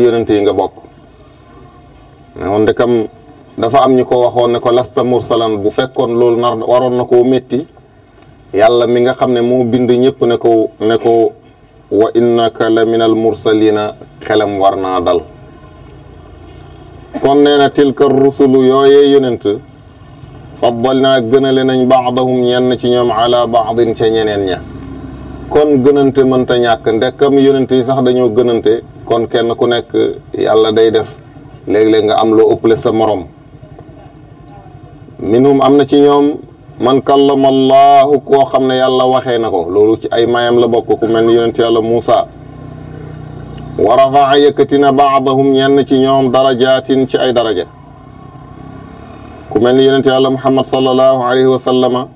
yonenté nga bok woon de kam dafa am ñuko ko ne ko lasta mursalan bu fekkon lool nar waron nako métti yàlla mi nga xamne mo bind ñëpp ne ko ne ko wa innaka la minal mursalina xelam war dal kon neena tilka rusulu yoyé yonent faddal gënale nañ baadahum ñenn ci ñom ala baadin ci ñeneen ña kon gënante mënta ñàkk ndekk yonent yi sax dañoo gënante kon kenn ku nekk yàlla day def léeg-léeg nga am loo ëppale sa morom minhum am na ci ñoom man kallama allahu koo xam ne yàlla waxee na ko loolu ci ay mayam la bokk ku mel ni yonent yàlla Muusa wa rafaa yëkkati na baadahum ñenn ci ñoom jaatin ci ay daraja ku mel ni yonent yàlla Muhammad sallallahu alayhi wa sallama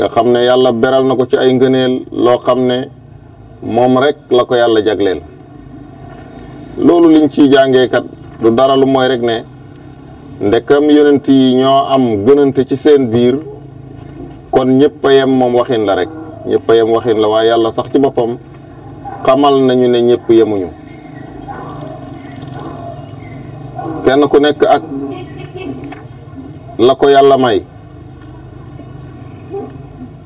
nga xam ne yàlla beral na ko ci ay ngëneel loo xam ne moom rek la ko yàlla jagleel loolu liñ ciy jàngeekat lu dara lu mooy rek ne ndekam yonent yi ñoo am gënante ci seen biir kon ñëpp a yem moom waxin la rek ñëpp yem waxin la waaye yàlla sax ci boppam xamal nañu ne ñëpp yemuñu kenn ku nekk ak la ko yàlla may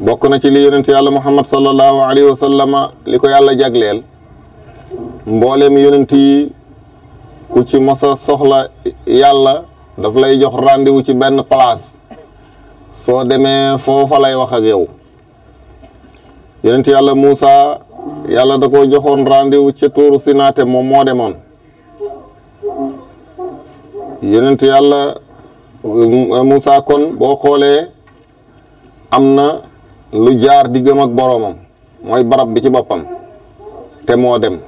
bokk na ci li yonent yàlla muhammad sallallahu alayhi wa sallama li ko yàlla jagleel mbooleem yonent yi ku ci masa soxla yàlla daf lay jox rendez-vous ci benn place soo demee foofa lay wax ak yow yonent yàlla musa yàlla da ko joxoon rendez-vous ci tuuru Sinaate moom moo demoon yonent yàlla Muusa kon boo xoolee am na lu jaar diggam ak boroomam mooy barab bi ci boppam te moo dem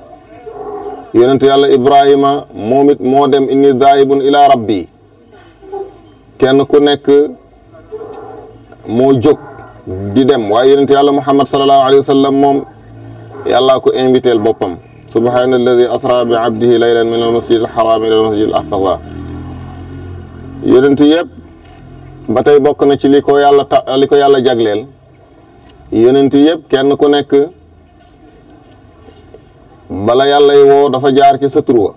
yonent yàlla ibrahima moom it moo dem inni daayibun ila rabbi kenn ku nekk moo jóg di dem waaye yonent yàlla muhammad salallahu alayhi wa sallam moom yàllaa ku inviteel boppam subhaana alladi asra bi abdihi laylan min almasjid alxaraam ila almasjid alaqsa yonent yëpp ba bokk na ci liko ko yàlla yàlla jagleel yonent yëpp kenn ku nekk bala yàllay woo dafa jaar ci sa tur wa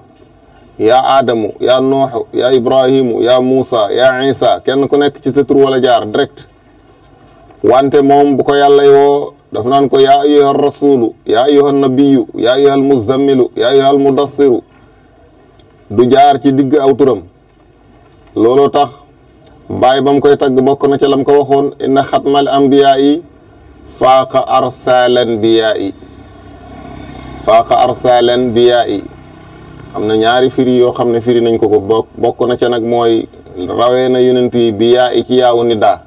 yaa aadamu yaa nooxu yaa ibrahimu yaa muusa yaa isa kenn ku nekk ci sa tur wala jaar direct wante moom bu ko yàllay woo daf naan ko yaa ayyuha rasulu yaa ayyuha nabiyu yaa ayyuha almuzammilu yaa ayyuha almudassiru du jaar ci digg aw looloo tax bàyyi ba mu koy tagg bokk na ca lam ko waxoon inna xatmal ambiyaa yi faaka arsalan biyaa faaka am na ñaari firi yoo xam ne firi nañ ko ko bokk na ca nag mooy rawee na yonent yi bi i ci yaawu ni daa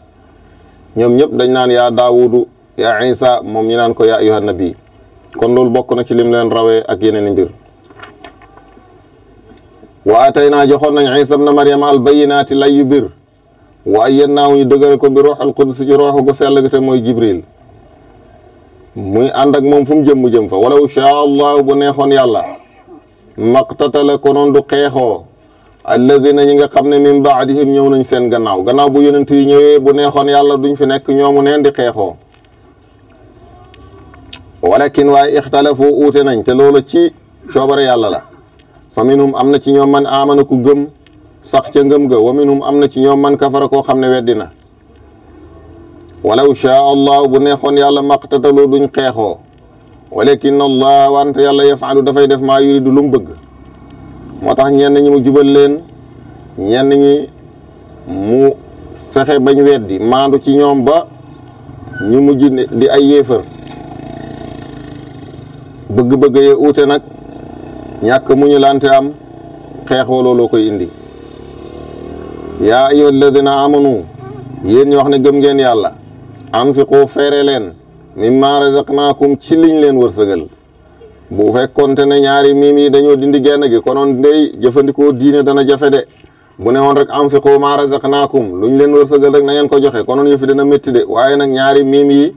ñoom ñëpp dañ naan yaa daawudu yaa isa moom ñu naan ko yaa ayyuhan nabi kon loolu bokk na ci lim leen rawee ak yeneen i mbir wa ataynaa joxoon nañ isa na maryam al bayinaati lay yu bir wa ayyannaahu ñu dëgëral ko bi ruuxal qudus ci ruuxu gu sell te mooy jibril muy ànd ak moom fu mu jëm mu jëm fa walaw shaa allahu bu neexoon yàlla maqtatala konoon du xeexoo alladina ñi nga xam ne min baadihim ñëw nañ seen gannaaw gannaaw bu yonent yi ñëwee bu neexoon yàlla duñ fi nekk ñoomu neen di xeexoo walakin waaye ixtalafu uute nañ te loolu ci coobare yàlla la fa minhum am na ci ñoom man aamana ku gëm sax ca ngëm ga wa minhum am na ci ñoom man kafara koo xam ne weddina ولو شاء الله بن خون يالا ما قتلوا دون قيخو ولكن الله وانت يالا يفعل دا فاي ما يريد لوم بغ موتاخ نين ني مو جوبال لين نين ني مو فخه باغ ويدي ماندو سي نيوم با ني مو جي دي اي ييفر بغ بغ يي اوتي نك نياك مو ني لانتي ام خيخو لولو كوي اندي يا ايها الذين امنوا يين ني واخني گم گين يالا anfiqu fere leen mimma razaqnaakum ci liñ leen wërsëgal bu fekkonte ne ñaari miim yi dañoo dindi genn gi konoon day jëfandikoo diine dana jafe de bu ne woon rek anfiqu ma razaqnaakum luñ leen wërsëgal rek na ngeen ko joxe konoon yëfi dana métti de waaye nag ñaari miim yi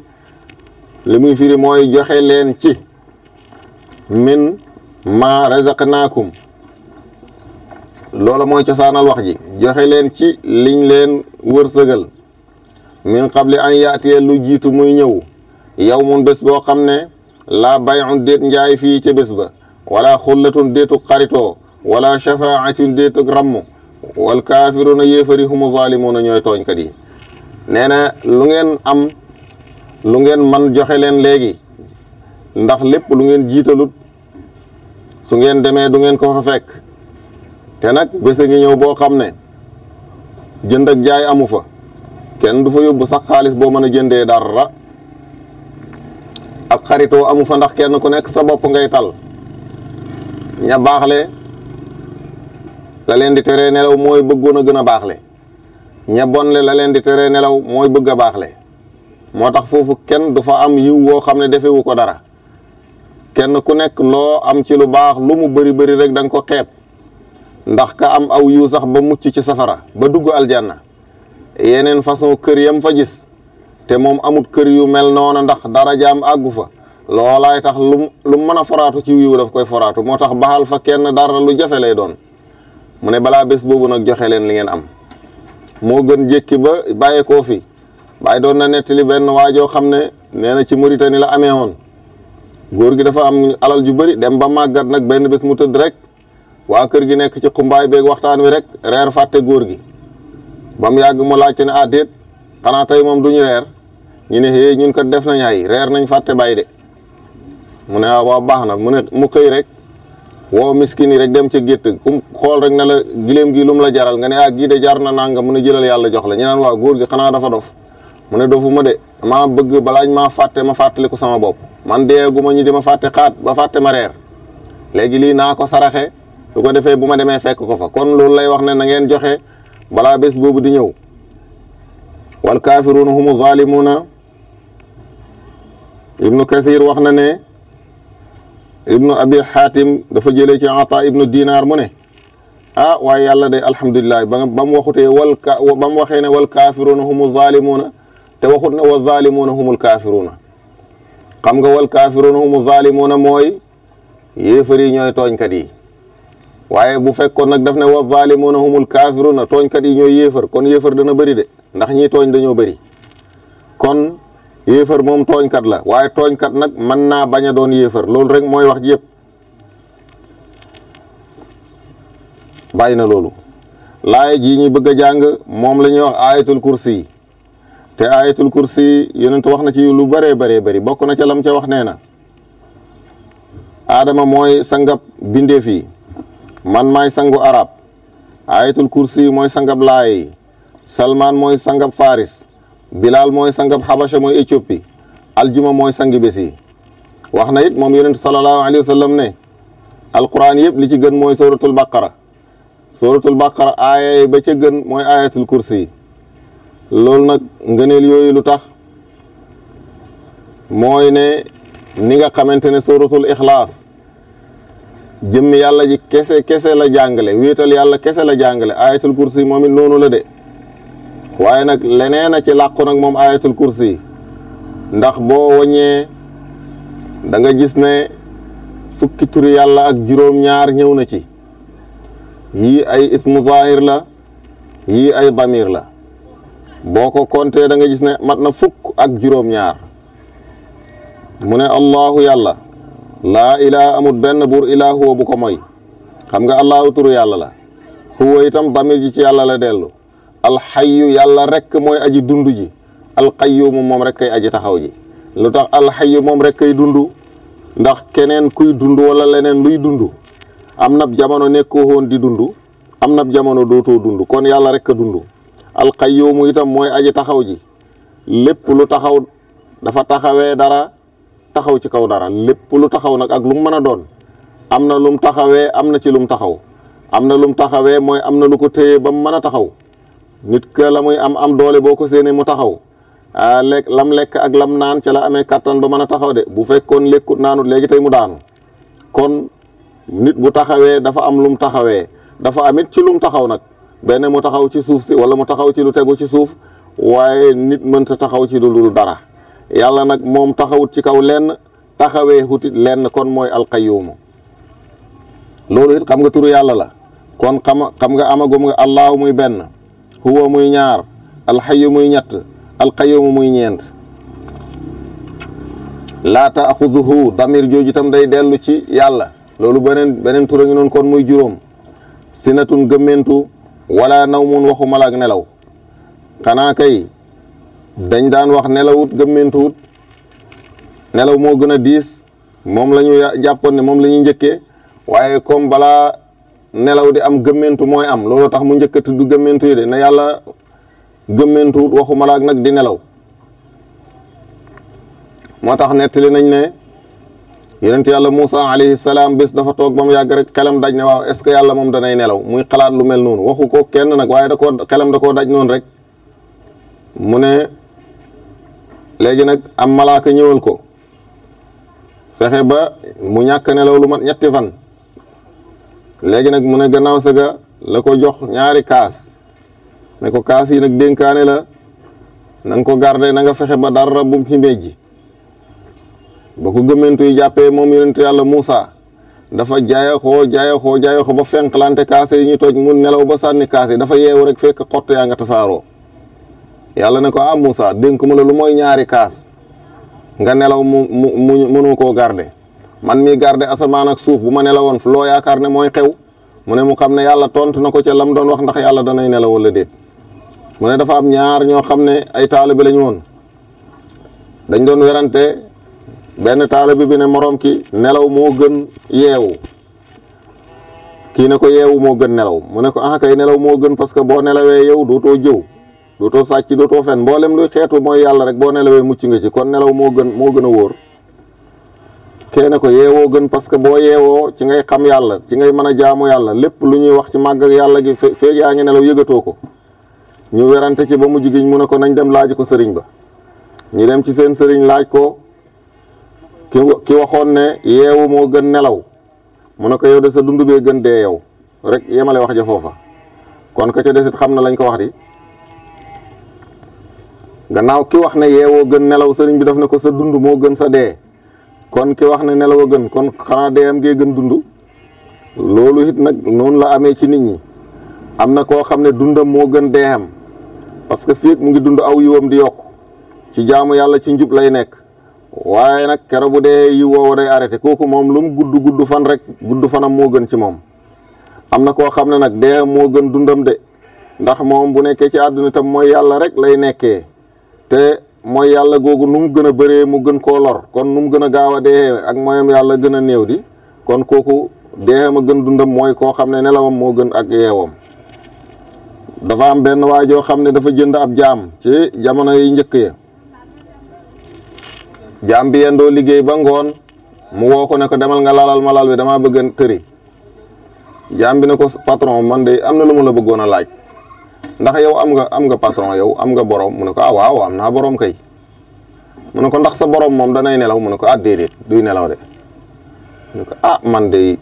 li muy mooy joxe leen ci min ma razaqnaakum loolu mooy cosaanal wax ji joxe leen ci liñ leen wërsëgal min qabli an yaatiya lu jiitu mu ñëw yow mun bés boo xam ne laa bayun déet njaay fii ca bés ba wala xullatun déetu xaritoo wala shafaatun déetu ramm wal na yéefari humu zalimuna ñooy tooñkat yi nee na lu ngeen am lu ngeen man joxe leen léegi ndax lépp lu ngeen jiitalut su ngeen demee du ngeen ko fa fekk te nag bés a ngi ñëw boo xam ne jënd ak jaay amu fa kenn du fa yobbu sax xaaliss bo meuna a dara ak xarito amu fa ndax kenn ku nek sa bop ngay tal ña baaxle la len di teree nelaw moy bëggoon gëna gën ña bonle la len di teree nelaw moy bëgga a motax fofu kenn du fa am yiw wo xam ne defewu ko dara kenn ku nek lo am ci lu bax lu mu rek dang ko xép ndax ka am aw yu sax ba mucc ci safara ba dugg aljanna yeneen façon kër yam fa gis te moom amut kër yu mel noona ndax dara jaam àggu fa loolaay tax lu lu mën a foraatu ci wiiw daf koy foraatu moo tax baxal fa kenn dara lu jafe lay doon mu ne balaa bés boobu nag joxe leen li ngeen am moo gën jëkki ba bàyyee koo fi bàyyi doon na nettali benn waajoo xam ne nee na ci Mauritanie la amee woon góor gi dafa am alal ju bëri dem ba màggat nag benn bés mu tëdd rek waa kër gi nekk ci xumbaay beeg waxtaan wi rek reer fàtte góor gi ba mu yàgg mu laajte ne ah déet xanaa tey moom du ñu reer ñu ne eh ñun kat def nañ ay reer nañ fàtte bàyyi de mu ne ah waaw baax na mu ne mu xëy rek woo miskin yi rek dem ca gétt ku xool rek na la giléem gi lum la jaral nga ne ah gii de jar na nanga mu ne jëlal yàlla jox la ñu naan waa góor gi xanaa dafa dof mu ne dofu ma de maa bëgg balaañ maa fàtte ma fàttaliku sama bopp man ma ñu di ma fàtte xaat ba fàtte ma reer léegi lii naa ko saraxe su ko defee bu ma demee fekk ko fa kon loolu lay wax ne na ngeen joxe. balaa bés boobu di ñëw wal kaafiruuna humu zaalimuuna ibnu kathir wax na ne ibnu abi xaatim dafa jëlee ci ata ibnu dinaar mu ne ah waaye yàlla de alhamdulilah ba ba mu waxutee wal ka ba mu waxee ne wal kaafiruuna humu zaalimuuna te waxut ne wa zaalimuuna humul kaafiruuna xam nga wal kaafiruuna humu zaalimuuna mooy yéefar yi ñooy tooñkat yi waaye bu fekkoon nag daf ne wa zaalimuuna humul kaafiruuna tooñkat yi ñooy yéefar kon yéefar dana bëri de ndax ñii tooñ dañoo bari kon yéefar moom tooñkat la waaye tooñkat nag mën naa bañ a doon yéefar loolu rek mooy wax ji yëpp bàyyi na loolu laaya ji ñu bëgg a jàng moom la ñuy wax ayatul kursi te ayatul kursi yi yonent wax na ci lu bëree bëree bari bokk na ca lam ca wax nee na aadama mooy sangab bindeef yi man maay sangu arab ayatul kursi mooy sangab laay salmaan mooy sangab faris bilaal mooy sangab xabasha mooy éthiopie aljuma mooy sangi bési wax na it moom yonent sallallahu alayhi wa sallam ne alquran yëpp li ci gën mooy suratul baqara suratul baqara aaya ba ca gën mooy ayatul kursi loolu nag ngëneel yooyu lu tax moy ne ni nga xamante ne suratul ixlaas jëmm yàlla ji kese kese la jàngale wéetal yàlla kese la jàngale ayatul kursi moom it noonu la de waaye nag leneen a ci làqu nag moom ayatul kursi ndax boo waññee da nga gis ne fukki turi yàlla ak juróom-ñaar ñëw na ci yii ay ismu la yii ay damir la boo ko compté da nga gis ne mat na fukk ak juróom-ñaar mu ne allahu yàlla laa ilaa amut benn buur ilaa huwa bu ko moy xam nga allahu yàlla la huwa itam damir ji ci yàlla la dellu alxayu yàlla rek mooy aji dund ji alqayyumu moom rek kay aji taxaw ji lu tax alxayu moom rek kay dund ndax keneen kuy dund wala leneen luy dund am na jamono nekkoo woon di dund am na jamono dootoo dund kon yàlla rek a dund alqayyumu itam mooy aji taxaw ji lépp lu taxaw dafa taxawee dara taxaw ci kaw dara lépp lu taxaw nag ak lu mu mën a doon am na lum taxawee am na ci lum taxaw am na lum taxawee mooy am na lu ko téye ba mu mën a taxaw nit ka la muy am am doole boo ko séenee mu taxaw ah, lekk lam lekk ak lam naan ca la amee kattan ba mën a taxaw de bu fekkoon lekkut naanut léegi tey mu daanu kon nit bu taxawee dafa am lum taxawee dafa amit ci lum taxaw nag benn mu taxaw ci suuf si wala mu taxaw ci lu tegu ci suuf waaye nit mënta taxaw ci lu dara yàlla nag moom taxawut ci kaw lenn taxawee hutit lenn kon mooy alqayyuumu loolu it xam nga turu yàlla la kon xam xam nga amagum nga allaahu muy benn huwa muy ñaar alxayu muy ñett alqayyuumu muy ñeent laa taaxuduhu damir jooju itam day dellu ci yàlla loolu beneen beneen tura ngi noonu kon muy juróom sinatun gëmmentu wala nawmun waxu malaak nelaw xanaa dañ daan wax nelawut gëmmentuwut nelaw moo gën a diis moom la ñu jàppoon ne moom la ñuy njëkkee waaye comme bala nelaw di am gëmmentu mooy am loolu tax mu njëkk a tudd gëmmentu yi de na yàlla gëmmentuwut waxu laak nag di nelaw moo tax nettali nañ ne yonent yàlla Moussa alayhi salaam bés dafa toog ba mu yàgg rek xelam daj ne waaw est ce que yàlla moom danay nelaw muy xalaat lu mel noonu waxu ko kenn nag waaye da koo xelam da koo daj noonu rek mu ne léegi nag am malaaka ñëwal ko fexe ba mu ñàkk nelaw lu mat ñetti fan léegi nag mu ne gannaaw saga la ko jox ñaari kaas ne ko kaas yi nag dénkaane la na nga ko garde na nga fexe ba dara bum ci mbéjji ba ko gëmmentu yi jàppee moom yonent yàlla Muusa dafa jaayaxoo jaayaxoo jaayaxoo ba fenqlante kaas yi ñu toj mu nelaw ba sànni kaas yi dafa yeewu rek fekk xott yaa nga tasaaroo yàlla ne ko ah Moussa dénkuma la lu mooy ñaari kaas nga nelaw mu mu mënoo koo garde man mii garde asamaan ak suuf bu ma nelawoon fu loo yaakaar ne mooy xew mu ne mu xam ne yàlla tontu na ko ca lam doon wax ndax yàlla danay nelaw wala déet mu ne dafa am ñaar ñoo xam ne ay taalibe lañu woon dañ doon werante benn taalibe bi ne moroom ki nelaw moo gën yeewu kii na ko yeewu moo gën nelaw mu ne ko ah kay nelaw moo gën parce que boo nelawee yow dootoo jëw dootoo sàcc dootoo fen mboolem luy xeetu mooy yàlla rek boo nelawee mucc nga ci kon nelaw moo gën moo gën a wóor kee ne ko yeewoo gën parce que boo yeewoo ci ngay xam yàlla ci ngay mën a jaamu yàlla lépp lu ñuy wax ci màgg yàlla gi feeg yaa ngi nelaw yëgatoo ko ñu werante ci ba mujj gi mu ne ko nañ dem laaj ko sëriñ ba ñu dem ci seen sëriñ laaj ko ki ki waxoon ne yeewu moo gën nelaw mu ne ko yow de sa dund bee gën dee yow rek yemale wax ja foofa kon ka ca xam na lañ ko wax di gannaaw ki wax na yeewoo gën nelaw sëriñ bi daf na ko sa dund moo gën sa dee kon ki wax na nelaw a gën kon xanaa dee gee gën dund loolu it nag noonu la amee ci nit ñi am na koo xam ne dundam moo gën dee am parce que fii mu ngi dund aw yiwam di yokk ci jaamu yàlla ci njub lay nekk waaye nag kero bu dee yiw woowu day arrêté kooku moom lu mu gudd gudd fan rek gudd fanam moo gën ci moom am na koo xam ne nag dee moo gën dundam de ndax moom bu nekkee ci àdduna mooy yàlla rek lay nekkee te moy yalla gogou num gëna bëré mu gën ko lor kon num gëna gawa dé ak moyam yalla gëna a di kon koku deexam a gën dundam moy ko xamné nelawam mo gën ak dafa am ben dafa jënd ab jam ci jamono yi njëkk ya jam bi yendoo liggéey ba ngoon mu woko ne ko demal nga laal ma lal bi damaa bëgg yi jam bi ne ko patron man dé am na la bëggona a laaj ndax yow am nga am nga patron yow am nga borom mu ne ko ah waaw am naa borom kay mu ne ko ndax sa borom moom danay nelaw mu ne ko ah déedéet duy nelaw de mu ne ko ah man de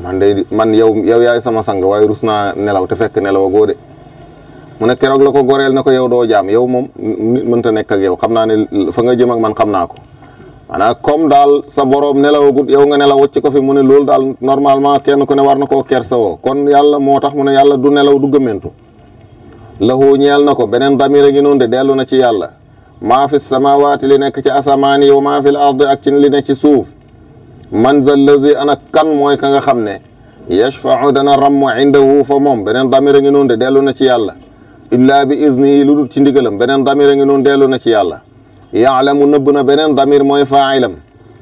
man de man yow yow yaay sama sang waaye rus nelaw te fekk nelaw goo de mu ne keroog la ko goreel ko yow doo jaam yow moom nit mënta nekk ak yow xam naa ne fa nga jëm ak man xam naa ko maanaam comme daal sa borom nelawagut yow nga nelaw ci ko fi mu ne loolu daal normalement kenn ku ne war na koo kon yàlla moo tax mu ne yàlla du nelaw du gëmmentu lahu ñeel na ko beneen damira gi noonu de dellu na ci yàlla maa fi samawaati li nekk ci asamaan yi wa maa fi l ardi ak ci li ne ci suuf man za lazi ana kan mooy ka nga xam ne yashfau dana ramm indahu fa moom beneen damira ngi noonu de dellu na ci yàlla illaa bi iznihi lu dul ci ndigalam beneen damira ngi noonu dellu na ci yàlla yaalamu nëbb na beneen damir mooy faailam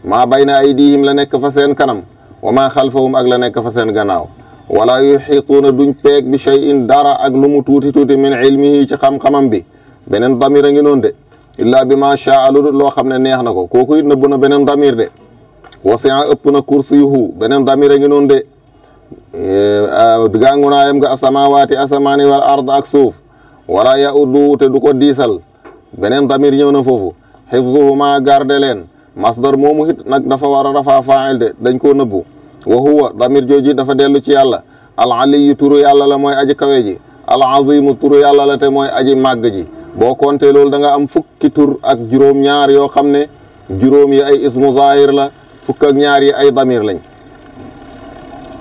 maa bayna aydihim la nekk fa seen kanam wa maa xalfahum ak la nekk fa seen gannaaw wala yuxiituuna duñ peeg bi shay'in dara ak lu mu tuuti tuuti min ilmihi ci xam bi beneen damir a ngi noon de illaa bi maa shaa loo xam ne neex na ko kooku it nëbb na beneen damir de wasi'a ëpp na kursiyuhu beneen damir a ngi noonu de gàngu naayam nga asamaawaati asamaani wal ard ak suuf wala yaudu te du ko diisal beneen damir ñëw na foofu xifzuhuma garde leen masdar moomu it nag dafa war a de dañ koo nëbbu wa huwa damir jooji dafa dellu ci yàlla al aliyu turu yàlla la mooy aji kawe ji al azimu turu yàlla la te mooy aji màgg ji boo compté loolu danga am fukki tur ak juróom-ñaar yoo xam ne juróom yi ay ismu zahir la fukk ak ñaar yi ay damir lañ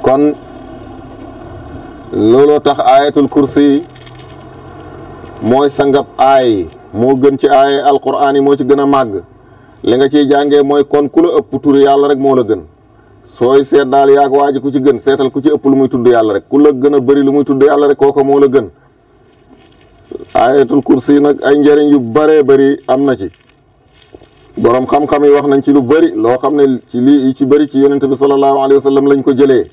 kon looloo tax ayatul kursi mooy sangab aay yi moo gën ci aay alquraan yi moo ci gën a màgg li nga ciy jàngee mooy kon ku la ëpp tur yàlla rek moo la gën sooy seet daal yaag waa ji ku ci gën seetal ku ci ëpp lu muy tudd yàlla rek ku la gën a bari lu muy tudd yàlla rek kooka moo la gën ayatul kursi nag ay njëriñ yu bëree bari am na ci borom xam-xam yi wax nañ ci lu bëri loo xam ne ci lii ci bëri ci yonent bi sallallahu alayhi wa sallam lañ ko jëlee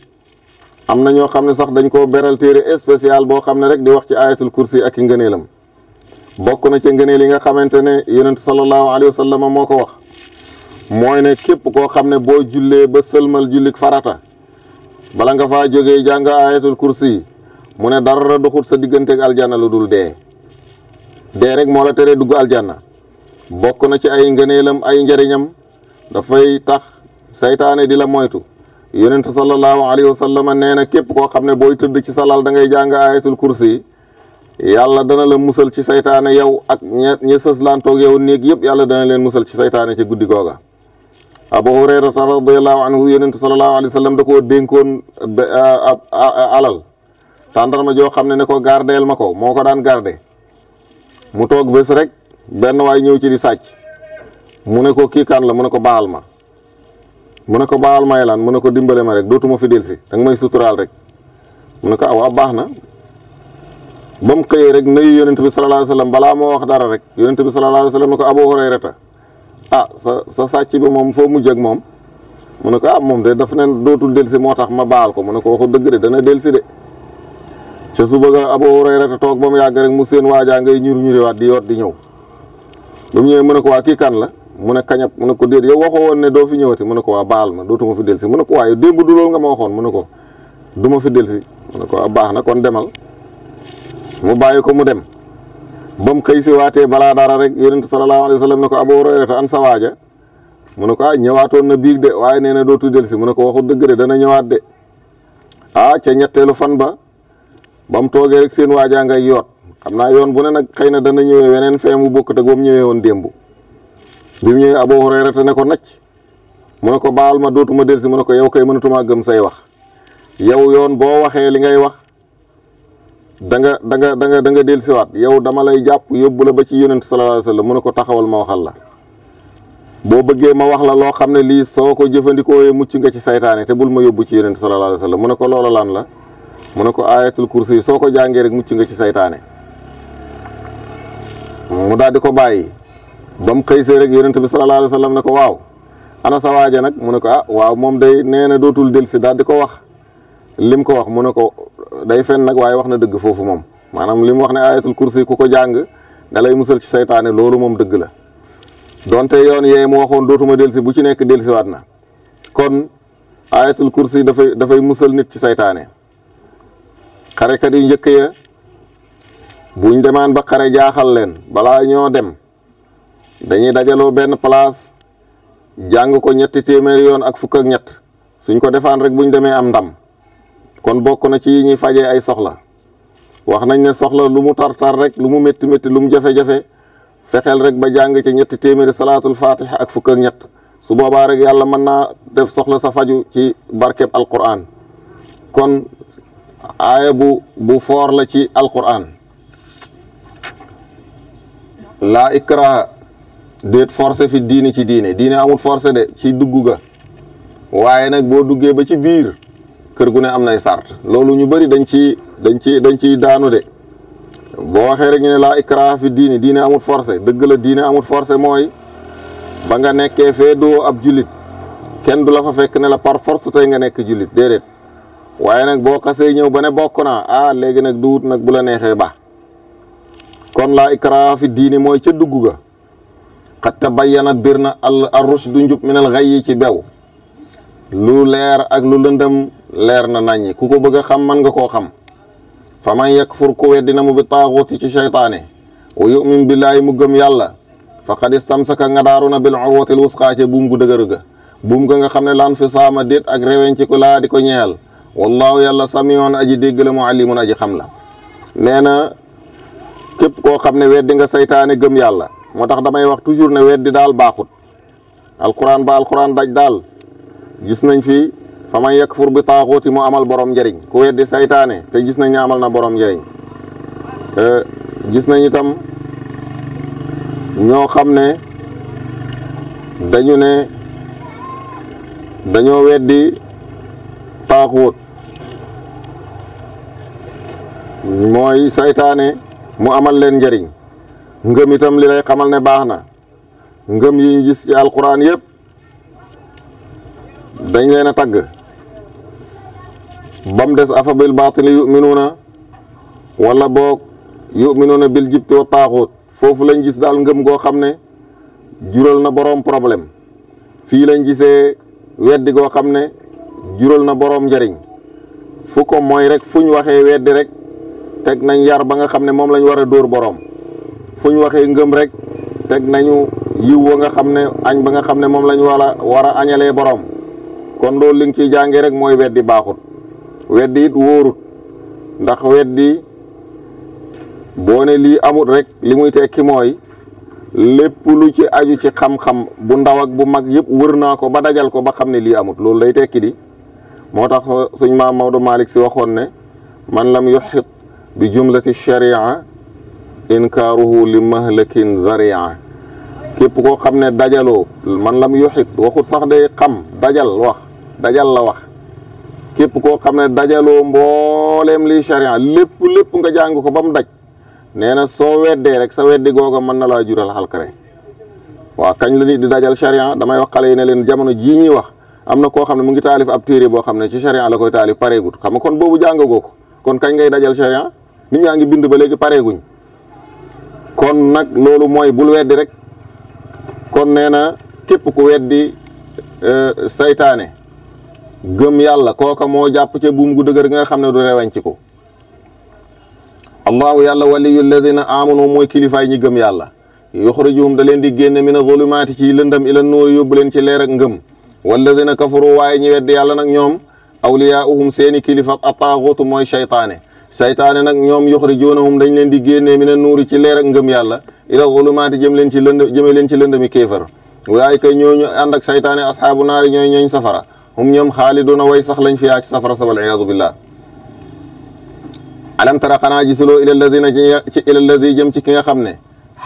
am na ñoo xam ne sax dañ koo beral téere spécial boo xam ne rek di wax ci ayatul kursi ak i ngëneelam bokk na ci ngëneel yi nga xamante ne yonent sallallahu alayhi wa moo ko wax mooy na képp koo xam ne boo jullee ba sëlmal jullik farata bala nga faa jógee jàng ayatul kursi mu ne dara doxut sa digganteeg aljanna lu dul dee dee rek moo la teree dugg aljanna bokk na ci ay ngëneelam ay njariñam dafay tax seytaane di la moytu yonent sallallahu alayhi wa sallam nee na képp koo xam ne booy tëdd ci salal da ngay jàng ayatul kursi yàlla dana la musal ci saytaane yow ak ña ña sëslantoog yow néeg yëpp yàlla dana leen musal ci saytaane ci guddi googa abu hurayrata radiallahu anhu yonente salallahu alayhi wa sallam da koo dénkoon alal tàndarma joo xam ne ne ko gardeel ma ko moo ko daan garde mu toog bés rek benn waay ñëw ci di sàcc mu ne ko kii kan la mu ne ko baal ma mu ne ko baal ma lan mu ne ko dimbale ma rek dootuma fi delsi da nga may suturaal rek mu ne ko ah baax na ba mu xëyee rek nuyu yonente bi salallahu alayhi wa sallam balaa moo wax dara rek yonente bi salallahu alayhi wa sallam ne ko abu hurayrata ah sa sa sàcc bi moom foo mu ak moom mu ne ko ah moom de dafa ne dootul delsi moo tax ma baal ko mu ne ko wax dëgg de dana delsi de ca suba ga Abu Hurayra te toog ba mu yàgg rek mu seen waajaa ngay ñur waat di yoot di ñëw ba mu ñëwee mu ne ko waa kii kan la mu ne kañab mu ne ko déet yow waxoo woon ne doo fi ñëwati mu ne ko waa baal ma dootuma fi delsi mu ne ko waa yow démb du loolu nga ma waxoon ne ko du ma fi delsi mu ne ko waa baax na kon demal mu bàyyi ko mu dem ba mu xëy si waatee balaa dara rek yonent salallaahu alayhi wa sallam ne ko Abu Hurayrata an sa waaja mu ne ko ah ñëwaatoon na biig de waaye nee na dootu del si mu ne ko waxul dëgg de dana ñëwaat de ah, ca ñetteelu fan ba ba toogee rek seen waajaa ngay yoot xam naa yoon bu ne nag xëy na dana ñëwee weneen fee mu bokk te ba mu ñëwee woon démb bi mu ñëwee Abu Hurayrata ne ko nacc mu ko baal ma dootuma del si mu ne ko yow kay mënatumaa gëm say wax yow yoon boo waxee li ngay wax da nga da nga da nga da nga yow dama lay jàpp yóbbu la ba ci yonent sallallahu alayhi wa sallam mu ne ko taxawal ma waxal la boo bëggee ma wax la loo xam ne lii soo ko jëfandikoo mucc nga ci saytaane te bul ma yóbbu ci yonent sallallahu alayhi wa sallam mu ne ko loola lan la mu ne ko ayatul kursi yi soo ko jàngee rek mucc nga ci saytaane mu daal di ko bàyyi ba mu rek yonent bi sallallahu alayhi wa sallam ne ko waaw ana sa waaja nag mu ne ko ah waaw moom day nee na dootul dellusi daal di ko wax lim ko wax mu ne ko day fenn nak way wax na dëgg foofu moom maanaam li wax ne ayatul kursi kuko jang jàng da lay musal ci seytaane lolu mom deug la donte yon ye mo waxon dotuma delsi bu ci nek delsi watna kon ayatul kursi da fay musal nit ci seytaane kare yu njëkk ya buñ demaan ba xare jaaxal leen balaa ñoo dem dañuy dajalo ben place jang ko ñetti téeméeri yon ak fuk ak ñet suñ ko defaan rek buñ démé am ndam kon bokk na ci yi ñuy fajee ay soxla wax nañ ne soxla lu mu tar-tar rek lu mu metti métti lu mu jafe-jafe fexeel rek ba jàng ci ñetti téeméeri salaatul fatiha ak fukk ñett su boobaa rek yàlla mën naa def soxla sa faju ci barkeb alquran kon aaya bu bu foor la ci alquran laa ikra déet forcé fi diini ci diine diine amul forcé de ci dugg ga waaye nag boo duggee ba ci biir kër gu ne am nay sart loolu ñu bëri dañ ci dañ ci dañ ciy daanu de boo waxee rek ñu ne laa ikraa fi diini diine amut forcé dëgg la diine amut forcé mooy ba nga nekkee fee doo ab jullit kenn du la fa fekk ne la par force tey nga nekk julit déedéet waaye nag boo xasee ñëw ba ne bokk naa ah léegi nag du wut nag bu la neexee ba kon laa ikraa fi diini mooy ca dugg ga xat tabayyana bir na al rushdu njub min al ghayyi ci bew lu leer ak lu lëndëm leer na naññi ku ko bëgg xam man nga koo xam fa man yakfur ku weddina mu bi taaxuuti ci seytaane wa yumin billaay mu gëm yàlla faqad istamsaka nga daaru na bil urwatil wusqaa ca buum gu dëgër ga buum ga nga xam ne lan fi saama déet ak rewen ci ko laa di ko ñeyal wallaahu yàlla samiyoon aji dégg la mu alimun aji xam la nee na képp koo xam ne weddi nga seytaane gëm yàlla moo tax damay wax toujours ne weddi daal baaxut alquran ba alquran daj fa man yakfur bi taaxuuti mu amal borom njëriñ ku weddi saytaane te gis nañ ne amal na borom njëriñ gis nañ itam ñoo xam ne dañu ne dañoo weddi taaxuut mooy seytaane mu amal leen njëriñ ngëm itam li lay xamal ne baax na ngëm yi gis ci alquran yëpp dañ leen a tagg ba mu des afa bil baatili yuminuuna walla boog yuminuuna bil jibti wa taaxuut foofu lañ gis daal ngëm goo xam ne jural na boroom problème fii lañ gisee weddi goo xam ne jural na boroom njariñ fu ko mooy rek fu ñu waxee weddi rek teg nañ yar ba nga xam ne moom lañu war a dóor boroom fu ñu waxee ngëm rek teg nañu yiw wa nga xam ne añ ba nga xam ne moom lañu war a war a añalee boroom kon loolu li nga jàngee rek mooy weddi baaxut weddi it wóorut ndax weddi boo ne lii amut rek li muy tekki mooy lépp lu ci aju ci xam-xam bu ndaw ak bu mag yëpp wër naa ko ba dajal ko ba xam ne lii amut loolu lay tekki di moo tax uh, suñ maam Maodo Malick si waxoon ne man lam yuxit bi jumlati sharia inkaaruhu li mahlakin zaria képp koo xam ne dajaloo man lam yuxit waxut sax day xam dajal wax dajal la wax képp ko xam dajalo mbollem li sharia lepp lepp nga jang ko bam daj nee so soo rek sa weddi goga man na la jural halkare wa kañ la di dajal sharia damay wax xale ne len jamono ji ñuy wax amna ko koo mu ngi talif ab téere bo xam ci sharia la koy gut xam kon boobu jàngagoo ko kon kañ ngay dajal sharia nit ñaa ngi bindu ba guñ kon nak lolu moy bul weddi rek kon neena na képp ku weddi euh, saytaane gëm yàlla kooka moo jàpp ca buum gu dëgër nga xam ne du rewenci ko allahu yàlla waliyu alladina amanu mooy kilifaay ñi gëm yàlla yuxrijuhum da leen di génne mina zulumaati ci lëndam ila nuur yóbbu leen ci leer ak ngëm walladina kafaru waaye ñi weddi yàlla nag ñoom awliyaauhum seeni kilifa ataaxutu mooy seytaane seytaane nag ñoom yuxrijuunahum dañ leen di génne mina nuuri ci leer ak ngëm yàlla ila zulumaati jëm leen ci lënd jëme leen ci lëndami kéefar waaye kay ñooñu ànd ak seytaane asxaabu naari ñooy ñooñ safara hum ñoom xaaliduuna way sax lañ fiyaa ci safara sa waliyaadu billah alam tara xanaa gisuloo ila alladina ci ila alladi jëm ci ki nga xam ne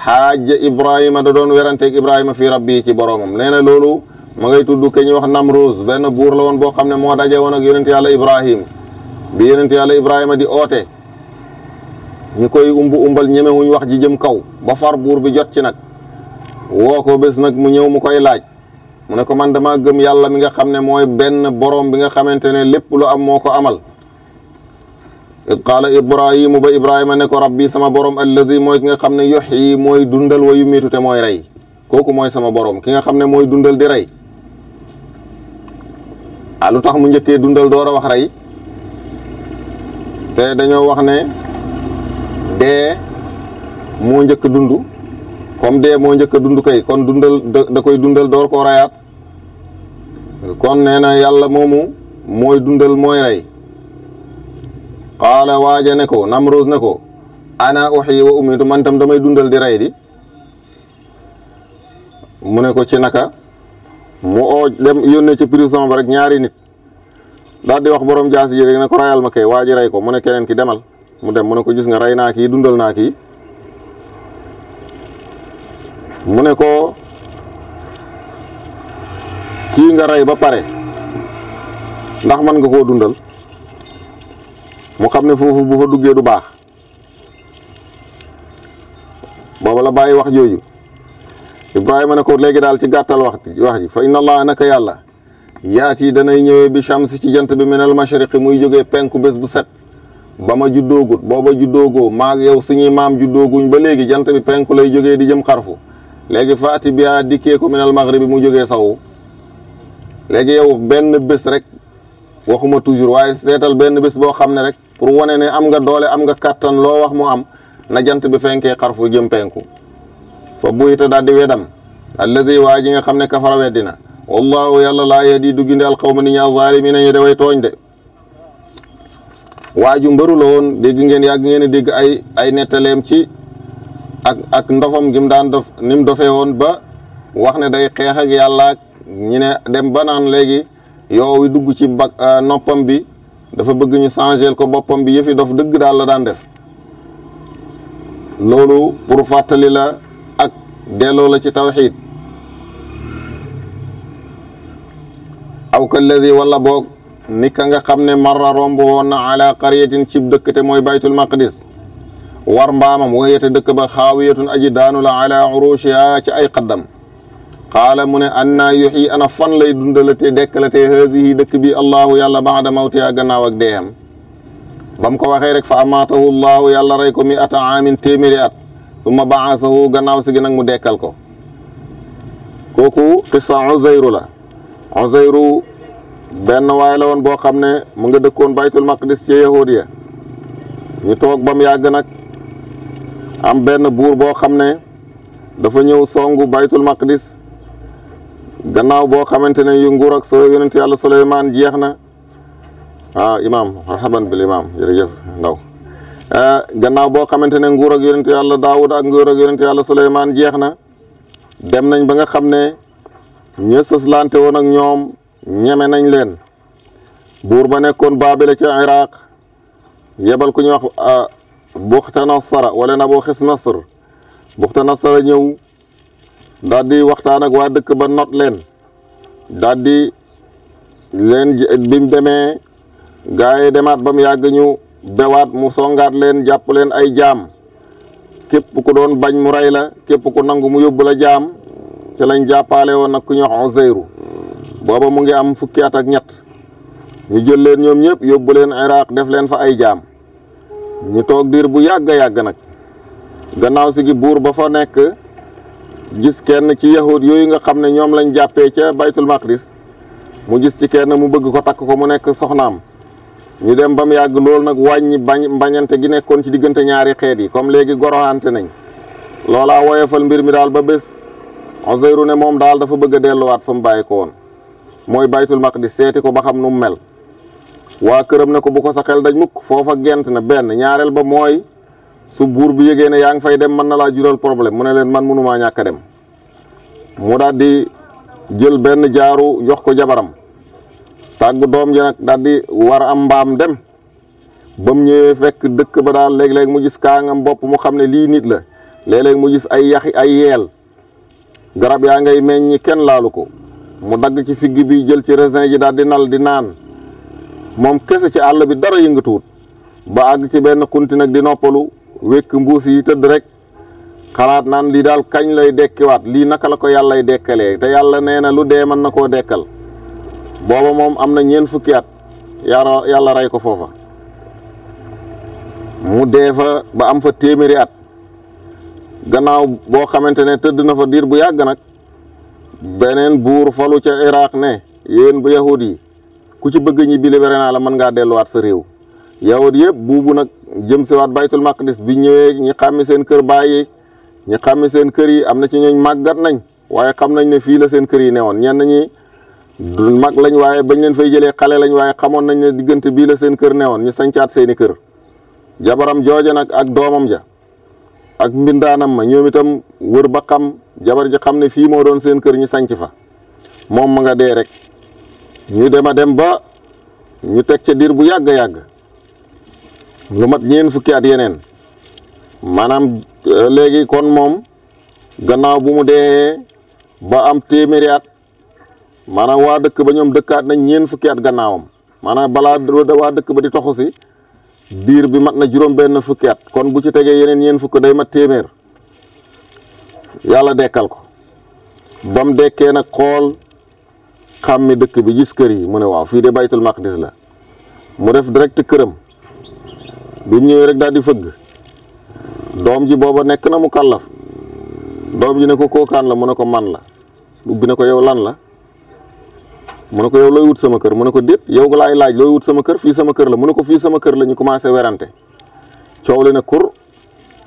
xaaja ibrahima da doon weranteeg ibrahima fii rabbi ci boroomam nee na loolu ma ngay tudd ke ñuy wax namrose benn buur la woon boo xam ne moo daje woon ak yonent yàlla ibrahim bi yonent yàlla ibrahima di oote ñu koy umb umbal ñemewuñ wax ji jëm kaw ba far buur bi jot ci nag woo ko bés nag mu ñëw mu koy laaj mu ne ko man dama gëm yàlla mi nga xam ne mooy benn boroom bi nga xamante ne lépp lu am moo ko amal id qaala ibrahimu ba ibrahima ne ko rabbi sama borom alladi mooy ki nga xam ne yuxyi mooy dundal wa yumiitu te mooy rey kooku mooy sama boroom ki nga xam ne mooy dundal di rey alu ah, tax mu njëkkee dundal door a wax rey te dañoo wax ne dee moo njëkk dund kom dee moo njëkk a dund kay kon dundal da koy dundal door koo reyaat kon nee na yàlla moomu mooy dundal mooy rey qaala waaja ne ko namroos ne ko ana uxyi wa umitu man tam damay dundal di rey di mu ne ko ci naka mu oo dem yónnee ci prison ba rek ñaari nit daal di wax borom jaas ji rek ne ko rayal ma kay waa ji rey ko mu ne keneen ki demal mu dem mu ne ko gis nga rey naa kii dundal naa ki mu ne ko kii nga rey ba pare ndax mën nga koo dundal mu xam ne foofu bu fa duggee du baax booba la bàyyi wax jooju Ibrahima ne ko léegi daal ci gàttal wax wax ji fa inna allah naka yàlla yaat yi danay ñëwee bi shams ci jant bi minal mashriqi muy jógee penku bés bu set ba ma juddoogut booba juddoogoo maag yow suñuy maam juddooguñ ba léegi jant bi penku lay jógee di jëm xarfu léegi faati bi a dikkee ko minal maghribi mu jógee sawu léegi yow benn bés rek waxuma toujours waaye seetal benn bés boo xam ne rek pour wane ne am nga doole am nga kàttan loo wax mu am na jant bi fenkee xarfu jëm penku fa buyita daal di wedam alladi waa ji nga xam ne kafara weddina wallahu yàlla laa yahdi du gindi alqawma ni ñaa zaalimiina ñu deway tooñ de waaju mbëru la woon dégg ngeen yàgg ngeen a dégg ay ay nettaleem ci ak ak ndofam daan dof ni mu dofee woon ba wax ne day xeex ak yàlla ñu ne dem ba naan léegi yow wi dugg ci bag noppam bi dafa bëgg ñu changé ko boppam bi yëfi dof dëgg daal la daan def loolu pour fàttali la ak delloo la ci tawxiid aw kalladi wala boog ni ka nga xam ne marra romb woon na ala qaryatin cib dëkk te mooy baytul maqdis war mbaamam wayete dëkk ba xaawiyatun aji daanu la ala urushiha ci ay qaddam qaala mu ne annaa yuxyi ana fan lay dundalatee dekkalatee haadihi dëkk bi allaahu yàlla baada mawtiha gannaaw ak deeyam ba mu ko waxee rek fa amaatahu allaahu yàlla rey ko mi ata aamin téeméeri at summa baasahu gannaaw si gi nag mu dekkal ko kooku qissa uzayru la uzayru benn waay la woon boo xam ne mu nga dëkkoon baytul maqdis ci yahudiya ñu toog ba mu yàgg nag am benn buur boo xam ne dafa ñëw songu baytul maqdis gannaaw boo xamante ne yu nguur ak solo yonent yàlla Suleymaan jeex na waaw ah, imaam marhaban bil imaam jërëjëf ndaw ah, gannaaw boo xamante ne nguur ak yonent yàlla Daawud ak nguur ak yonent yàlla Suleymaan jeex na dem nañ ba nga xam ne ña sëslante woon ak ñoom ñeme nañ leen buur ba nekkoon Baabila ca Iraq yebal ku ñuy wax ah, Buxta Nasara wala na boo xis Nasr Buxta Nasara ñëw daal di waxtaan ak wa dëkk ba not len daal di leen bi mu demee gars yi demaat ñu bewat mu songat len japp len ay jam kep ku doon bañ mu ray la kep ku nangum mu yobula jam ci lañ jàppaale won nag ku ñuy wax Uzayru mu ngi am fukki at ak ñet ñu jël len ñom ñep yobulen Iraq def len fa ay jam ñu tok dir bu yag yag nak gannaaw si gi ba fa nek gis kenn ci yahud yooyu nga xam ne ñoom lañ jàppe ca baytul maqdis mu gis ci kenn mu bëgg ko takk ko mu nekk soxnaam ñu dem ba mu yàgg lool nag wàññi bañ mbañante gi nekkoon ci diggante ñaari xeet yi comme léegi goroxante nañ loolaa woyofal mbir mi daal ba bés Uzayru ne moom daal dafa bëgg delluwaat fa mu bàyyi ko woon mooy baytul maqdis seeti ko ba xam nu mu mel waa këram ne ko bu ko sa xel daj mukk foofa gent na benn ñaareel ba mooy su bour bi yegene ne ngi fay dem man na la jural problème mune len man munuma ñaka dem mu dal di jël ben jaaru jox ko jabaram tag doom ji nak dal di war am dem bam ñewé fekk dekk ba dal leg leg mu gis kaangam bopp mu xamné ne nit la leg leg mu gis ay yax ay yel garab ya ngay meññi ken laalu ko mu dag ci figgi bi jël ci raisin ji dal di nal di naan mom kese ci Allah bi dara yëngatuwut ba ag ci ben kunti nak di noppalu wekk mbuus yi tëdd rek xalaat naan lii daal kañ lay dekkiwaat lii naka la ko yàllay dekkalee te yàlla nee na lu dee mën na koo dekkal booba moom am na ñeen fukki at yàlla rey ko foofa mu dee fa ba am fa téeméeri at gannaaw boo xamante ne tëdd na fa diir bu yàgg nag beneen buur falu ca Iraq ne yéen bu yahud yi ku ci bëgg ñibbi libéré naa la mën ngaa delluwaat sa réew yawut yëpp buubu nag jëm si waat baytul maqdis bi ñëwee ñi xàmmi seen kër bàyyi ñi xàmmi seen kër yi am na ci ñooñ màggat nañ waaye xam nañ ne fii la seen kër yi newoon ñenn ñi mag lañ waaye bañ leen fay jëlee xale lañ waaye xamoon nañ ne diggante bii seen kër newoon ñu sancaat seeni kër jabaram jooja nag ak doomam ja ak mbindaanam ma ñoom itam wër ba xam jabar ji xam ne fii moo doon seen kër ñu sanc fa moom ma nga dee rek ñu dem a dem ba ñu teg ca diir bu yàgg-yàgg Lumat mat ñeen fukki at yenen manam eh, legi kon mom gannaaw bu mu dee ba am téméré at manam wa dëkk ba ñom dëkkat na ñeen fukki at gannaawam wa dëkk ba di toxu bi mat na juroom ben fukki at kon bu ci tégué yenen ñeen fukk day mat témér yalla dékkal ko bam déké dekkee xol xammi dëkk bi gis kër yi mu né wa fi de baytul maqdis la mu def direct kërëm bi ñëwee rek daal di fëgg doom ji booba nekk na mu kàllaf doom ji ne ko kookaan la mun ne ko man la ubbi ne ko yow lan la mu ne ko yow looy wut kër mu ne ko déet yow laay laaj looy wut sama kër fii sama kër la mu ne ko fii sama kër la commencé werante coow li ne kur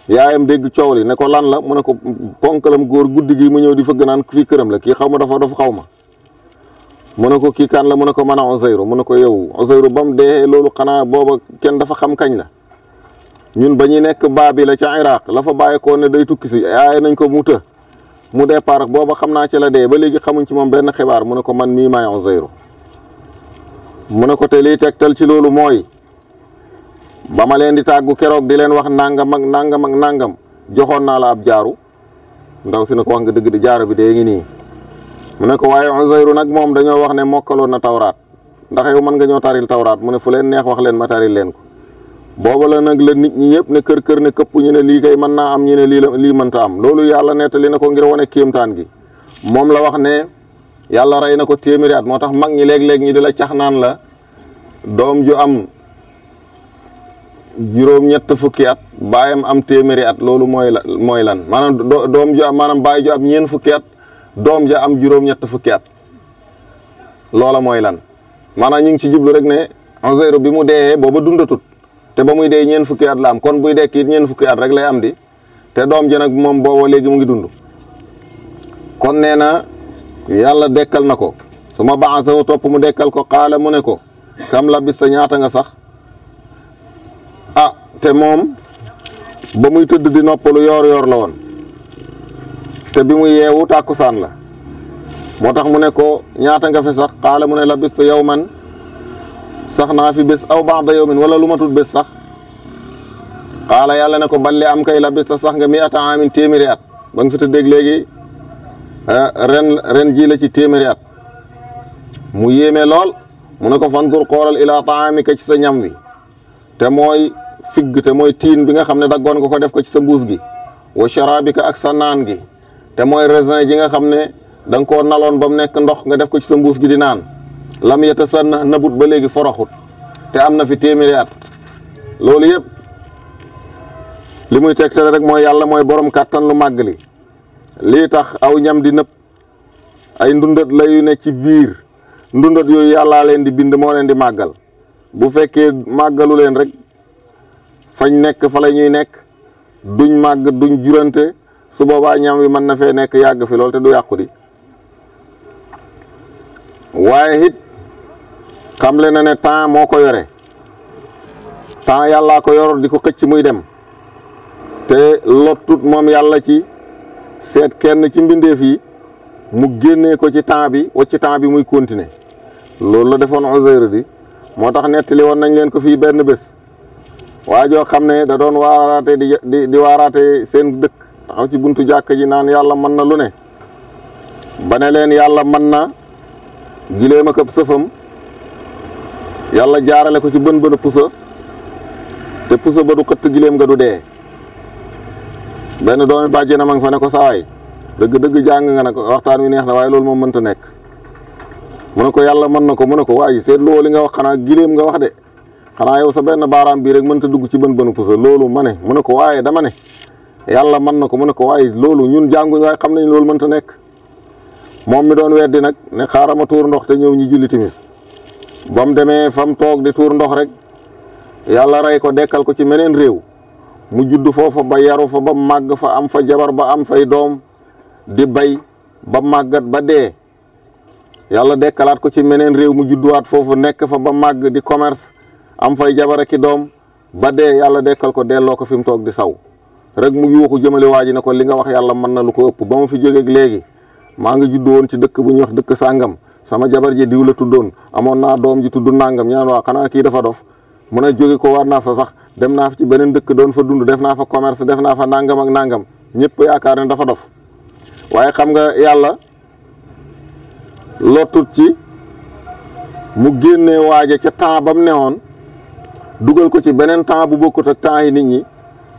yaayam dégg coow li ne lan la mu ne ko ponkalam góor guddi gi mu ñëw di fëgg naan fii këram la kii xaw ma dafa dafa xaw ma mu ne ko kii kaan la mu ne ko mën a Uzayru mu ne ko yow Uzayru ba mu dee loolu xanaa booba kenn dafa xam kañ la ñun ba ñuy nekk baa bi la ca Iraq la fa bàyyeekoo ne day tukki si aaye nañ ko mu mu départ booba xam naa ci la dee ba léegi xamuñ ci moom benn xibaar mu ne ko man mii maay Uzayru mu ne ko te liy tegtal ci loolu mooy ba ma leen di tàggu keroog di leen wax nangam ak nangam ak nangam joxoon naa la ab jaaru ndaw si ne ko wax nga dëgg di jaaro bi dee ngi nii mu ne ko waaye Uzayru nag moom dañoo wax ne mokkaloon na tawraat ndax yow mën nga ñoo taril tawraat mu ne fu leen neex wax leen ma leen ko. booba la nag la nit ñi ñëpp ne kër kër ne këpp ñu ne lii kay mën naa am ñu ne lii la lii mënta am loolu yàlla nettali na ko ngir wane kéemtaan gi moom la wax ne yàlla rey na ko téeméeri at moo tax mag ñi léeg-léeg ñi di la cax naan la doom ju am juróom-ñett fukki at baayam am téeméeri at loolu mooy mooy lan maanaam doom ju maanaam baay ju am ñeent fukki doom ja am juróom-ñett loola mooy lan maanaam ñu ngi ci jublu rek ne Uzayru bi mu dee booba dundatut te ba muy dee ñeen fukki at la am kon buy dekk it ñeen fukki at rek lay am di te doom ji nag moom booba léegi mu ngi dund kon nee na yàlla dekkal na ko su ma baaxatoo topp mu dekkal ko xaala mu ne ko kam la bis te ñaata nga sax ah te moom ba muy tëdd di noppalu yoor yoor la woon te bi mu yeewu tàkkusaan la moo tax mu ne ko ñaata nga fi sax xaala mu ne la bis te yow man sax naa fi bés aw baax da min wala lu matut bés sax xaala yàlla ne ko balle am kay la bés ta sax nga mi ata amin téeméeri at ba nga fi ren ren ji la ci téeméeri at mu yéeme lool mu ne ko fandur xoolal ilaa taamika ci sa ñam wi te mooy figg te mooy tiin bi nga xam ne daggoon nga ko def ko ci sa mbuus gi wa sharabika ak sa naan gi te mooy raisin ji nga xam ne da nga koo naloon ba mu nekk ndox nga def ko ci sa mbuus gi di naan lam yata sanna nabut ba léegi foroxut te am na fi téeméeri at loolu yëpp li muy tegtale rek mooy yàlla mooy borom kàttan lu màgg li lii tax aw ñam di nëpp ay ndundat la yu ne ci biir ndundat yooyu yàlla leen di bind moo leen di màggal bu fekkee màggalu leen rek fañ nekk fa la ñuy nekk duñ màgg duñ jurante su boobaa ñam wi mën na fee nekk yàgg fi lool te du yàqu di waaye it xam xamle na ne temps moo ko yore temps yàllaa ko yor di ko xëcc muy dem te lottut moom yàlla ci seet kenn ci mbindee yi mu génnee ko ci temps bi wa ci temps bi muy continuer loolu la defoon Uzayr di moo tax nettali woon nañ leen ko fii benn bés waa joo xam ne da doon waaraate di di seen dëkk taxaw ci buntu jàkk ji naan yàlla mën na lu ne ba leen yàlla mën na gileem ak ab sëfam yalla jaarale ko ci bën bënu pusa te pusa ba du xëtt gileem nga du dee ben doomi baaje na ma nga fa ne ko saway deug deug jang nga ne ko waxtaan wi neex na way lolou mo meunta nek muné ne ko yàlla mën na ko mu ne ko waaye seet loolu nga wax xana gileem nga wax de xana yow sa ben baram bi rek meunta dugg ci bën bënu pusa lolou mané muné ko waye dama ne yalla man nako muné ko lolou ñun jangu xam nañ lolou meunta nek mom mi doon weddi nak ne xaaral ma ndox te ñew ñi julli timis ba mu demee fa mu toog di tuur ndox rek yàlla rey ko dekkal ko ci meneen réew mu judd foofa ba yaru fa ba màgg fa am fa jabar ba am fay doom di bay ba màggat ba dee yàlla dekkalaat ko ci meneen réew mu judduwaat foofu nekk fa ba màgg di commerce am fay jabar ak i doom ba dee yàlla dekkal ko delloo ko fi mu toog di saw rek mu yuuxu jëmale waa ji ne ko li nga wax yàlla mën na lu ko ëpp ba ma fi jógeeg léegi maa ngi juddu woon ci dëkk bu ñuy wax dëkk sàngam sama jabar jee diw la tuddoon amoon naa doom ji tudd nangam ñu waa xanaa kii dafa dof mun a jóge ko war naa fa sax dem naa fa ci beneen dëkk doon fa dund def naa fa commerce def naa fa nangam ak nangam ñëpp yaakaar ne dafa dof waaye xam nga yàlla lottut ci mu génnee waaje ca temps ba mu newoon dugal ko ci beneen temps bu bokkut ak temps yi nit ñi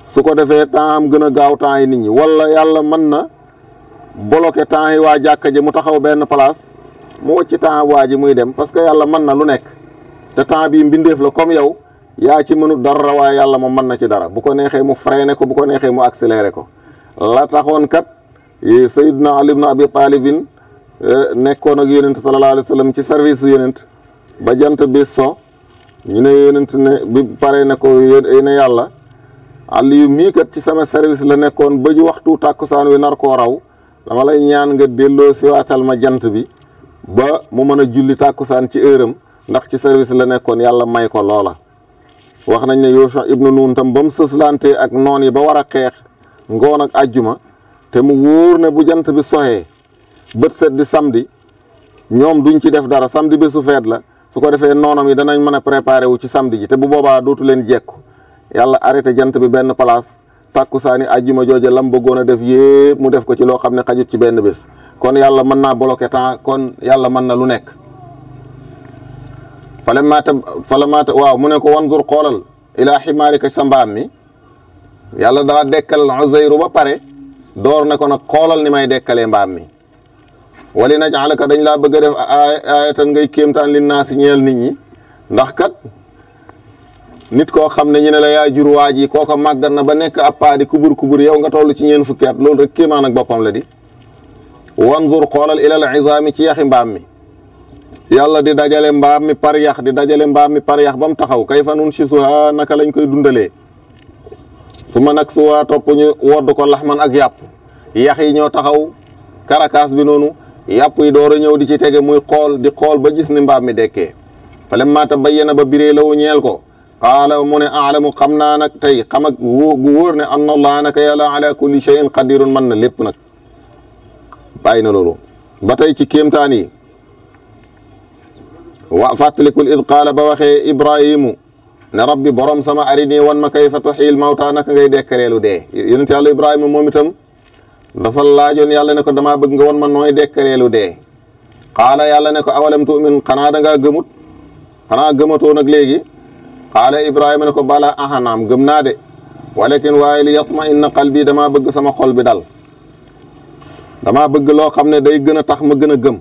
su ko defee temps am gën a gaaw temps yi nit ñi wala yàlla mën na bloqué temps yi waa jàkka ji mu taxaw benn place mu wacc temps waa ji muy dem parce que yàlla mën na lu nekk te temps bii mbindeef la comme yow yaa ci mënul dara waaye yàlla moom mën na ci dara bu ko neexee mu freiné ko bu ko neexee mu accéléré ko la taxoon kat na Ali ibn Abi Talibin eh, nekkoon ak yonent sallallahu alayhi wa sallam ci service su ba jant bi so ñu ne yonent ne bi pare na ko eh, ne yàlla Aliyu mii kat ci sama service la nekkoon ba ju waxtu tàkkusaan wi nar koo raw dama lay ñaan nga delloo si waatal ma jant bi ba mu mën a julli tàkkusaan ci heure ndax ci service la nekkoon yàlla may ko loola wax nañ ne Yusha ibnu Nun tam ba mu sëslantee ak noon yi ba war a xeex ngoon ak àjjuma te mu wóor ne bu jant bi soxee bët set di ñoom duñ ci def dara samedi bi su feet la su ko defee noonam yi danañ mën a préparer wu ci samedi ji te bu boobaa dootu leen jekku yàlla arrêté jant bi benn place tàkkusaani àjjuma jooja lam bëggoon a def yépp mu def ko ci loo xam ne xajut ci benn bés kon yàlla mën na bloqué temps kon yàlla mën na lu nekk fala maata fala waaw mu ne ko wandur xoolal ilaa ximaarika sa mbaam mi yàlla daa dekkal Uzayru ba pare door ne ko nag xoolal ni may dekkalee mbaam mi wali naj alaka dañ laa bëgg a def aayatan ngay kéemtaan li naa si ñeel nit ñi ndax kat nit ko xamne ne la yaa jur waaji koko kooko na ba nek appa di kubur kubur yow nga tollu ci ñeen fukki at loolu rek kéemaan ak bopam la di wanzur ila al izami ci yaxi mbaam mi di dajale mbammi mi par yah di dajale mbammi mi par yah bam taxaw kay fa nun sisuha naka lañ koy dundale fu ma nag suwaa topp ñu wodd ko lahman ak yap yah yi ño taxaw karakas bi nonu yap yi doora ñew di ci tege muy xol di xol ba gis ni mbammi dekke dekkee fa ba biree lawu ñeel ko qaala mu ne aalamu xam naa nag tey xam ak wóo gu wóor ne anna allah naka yàlla ala kulli shay'in qadirun mën na lépp nag bàyyi na loolu tey ci kéemtaan yi wa fàttalikul id qaala ba waxee ibrahimu ne rabbi borom sama arini wan ma kayfa tuxiil mawta naka ngay dekkareelu dee yonent yàlla ibrahima moom itam dafa laajoon yàlla ne ko damaa bëgg nga wan ma nooy dekkareelu dee qaala yàlla ne ko awalam tu'min xanaa dangaa gëmut xanaa gëmatoo nag léegi قال ابراهيم نكو بالا اهنام گمنا دي ولكن وايل يطمئن قلبي دما بگ سما خول بي دال دما بگ لو خامني داي گنا تخ ما گنا گم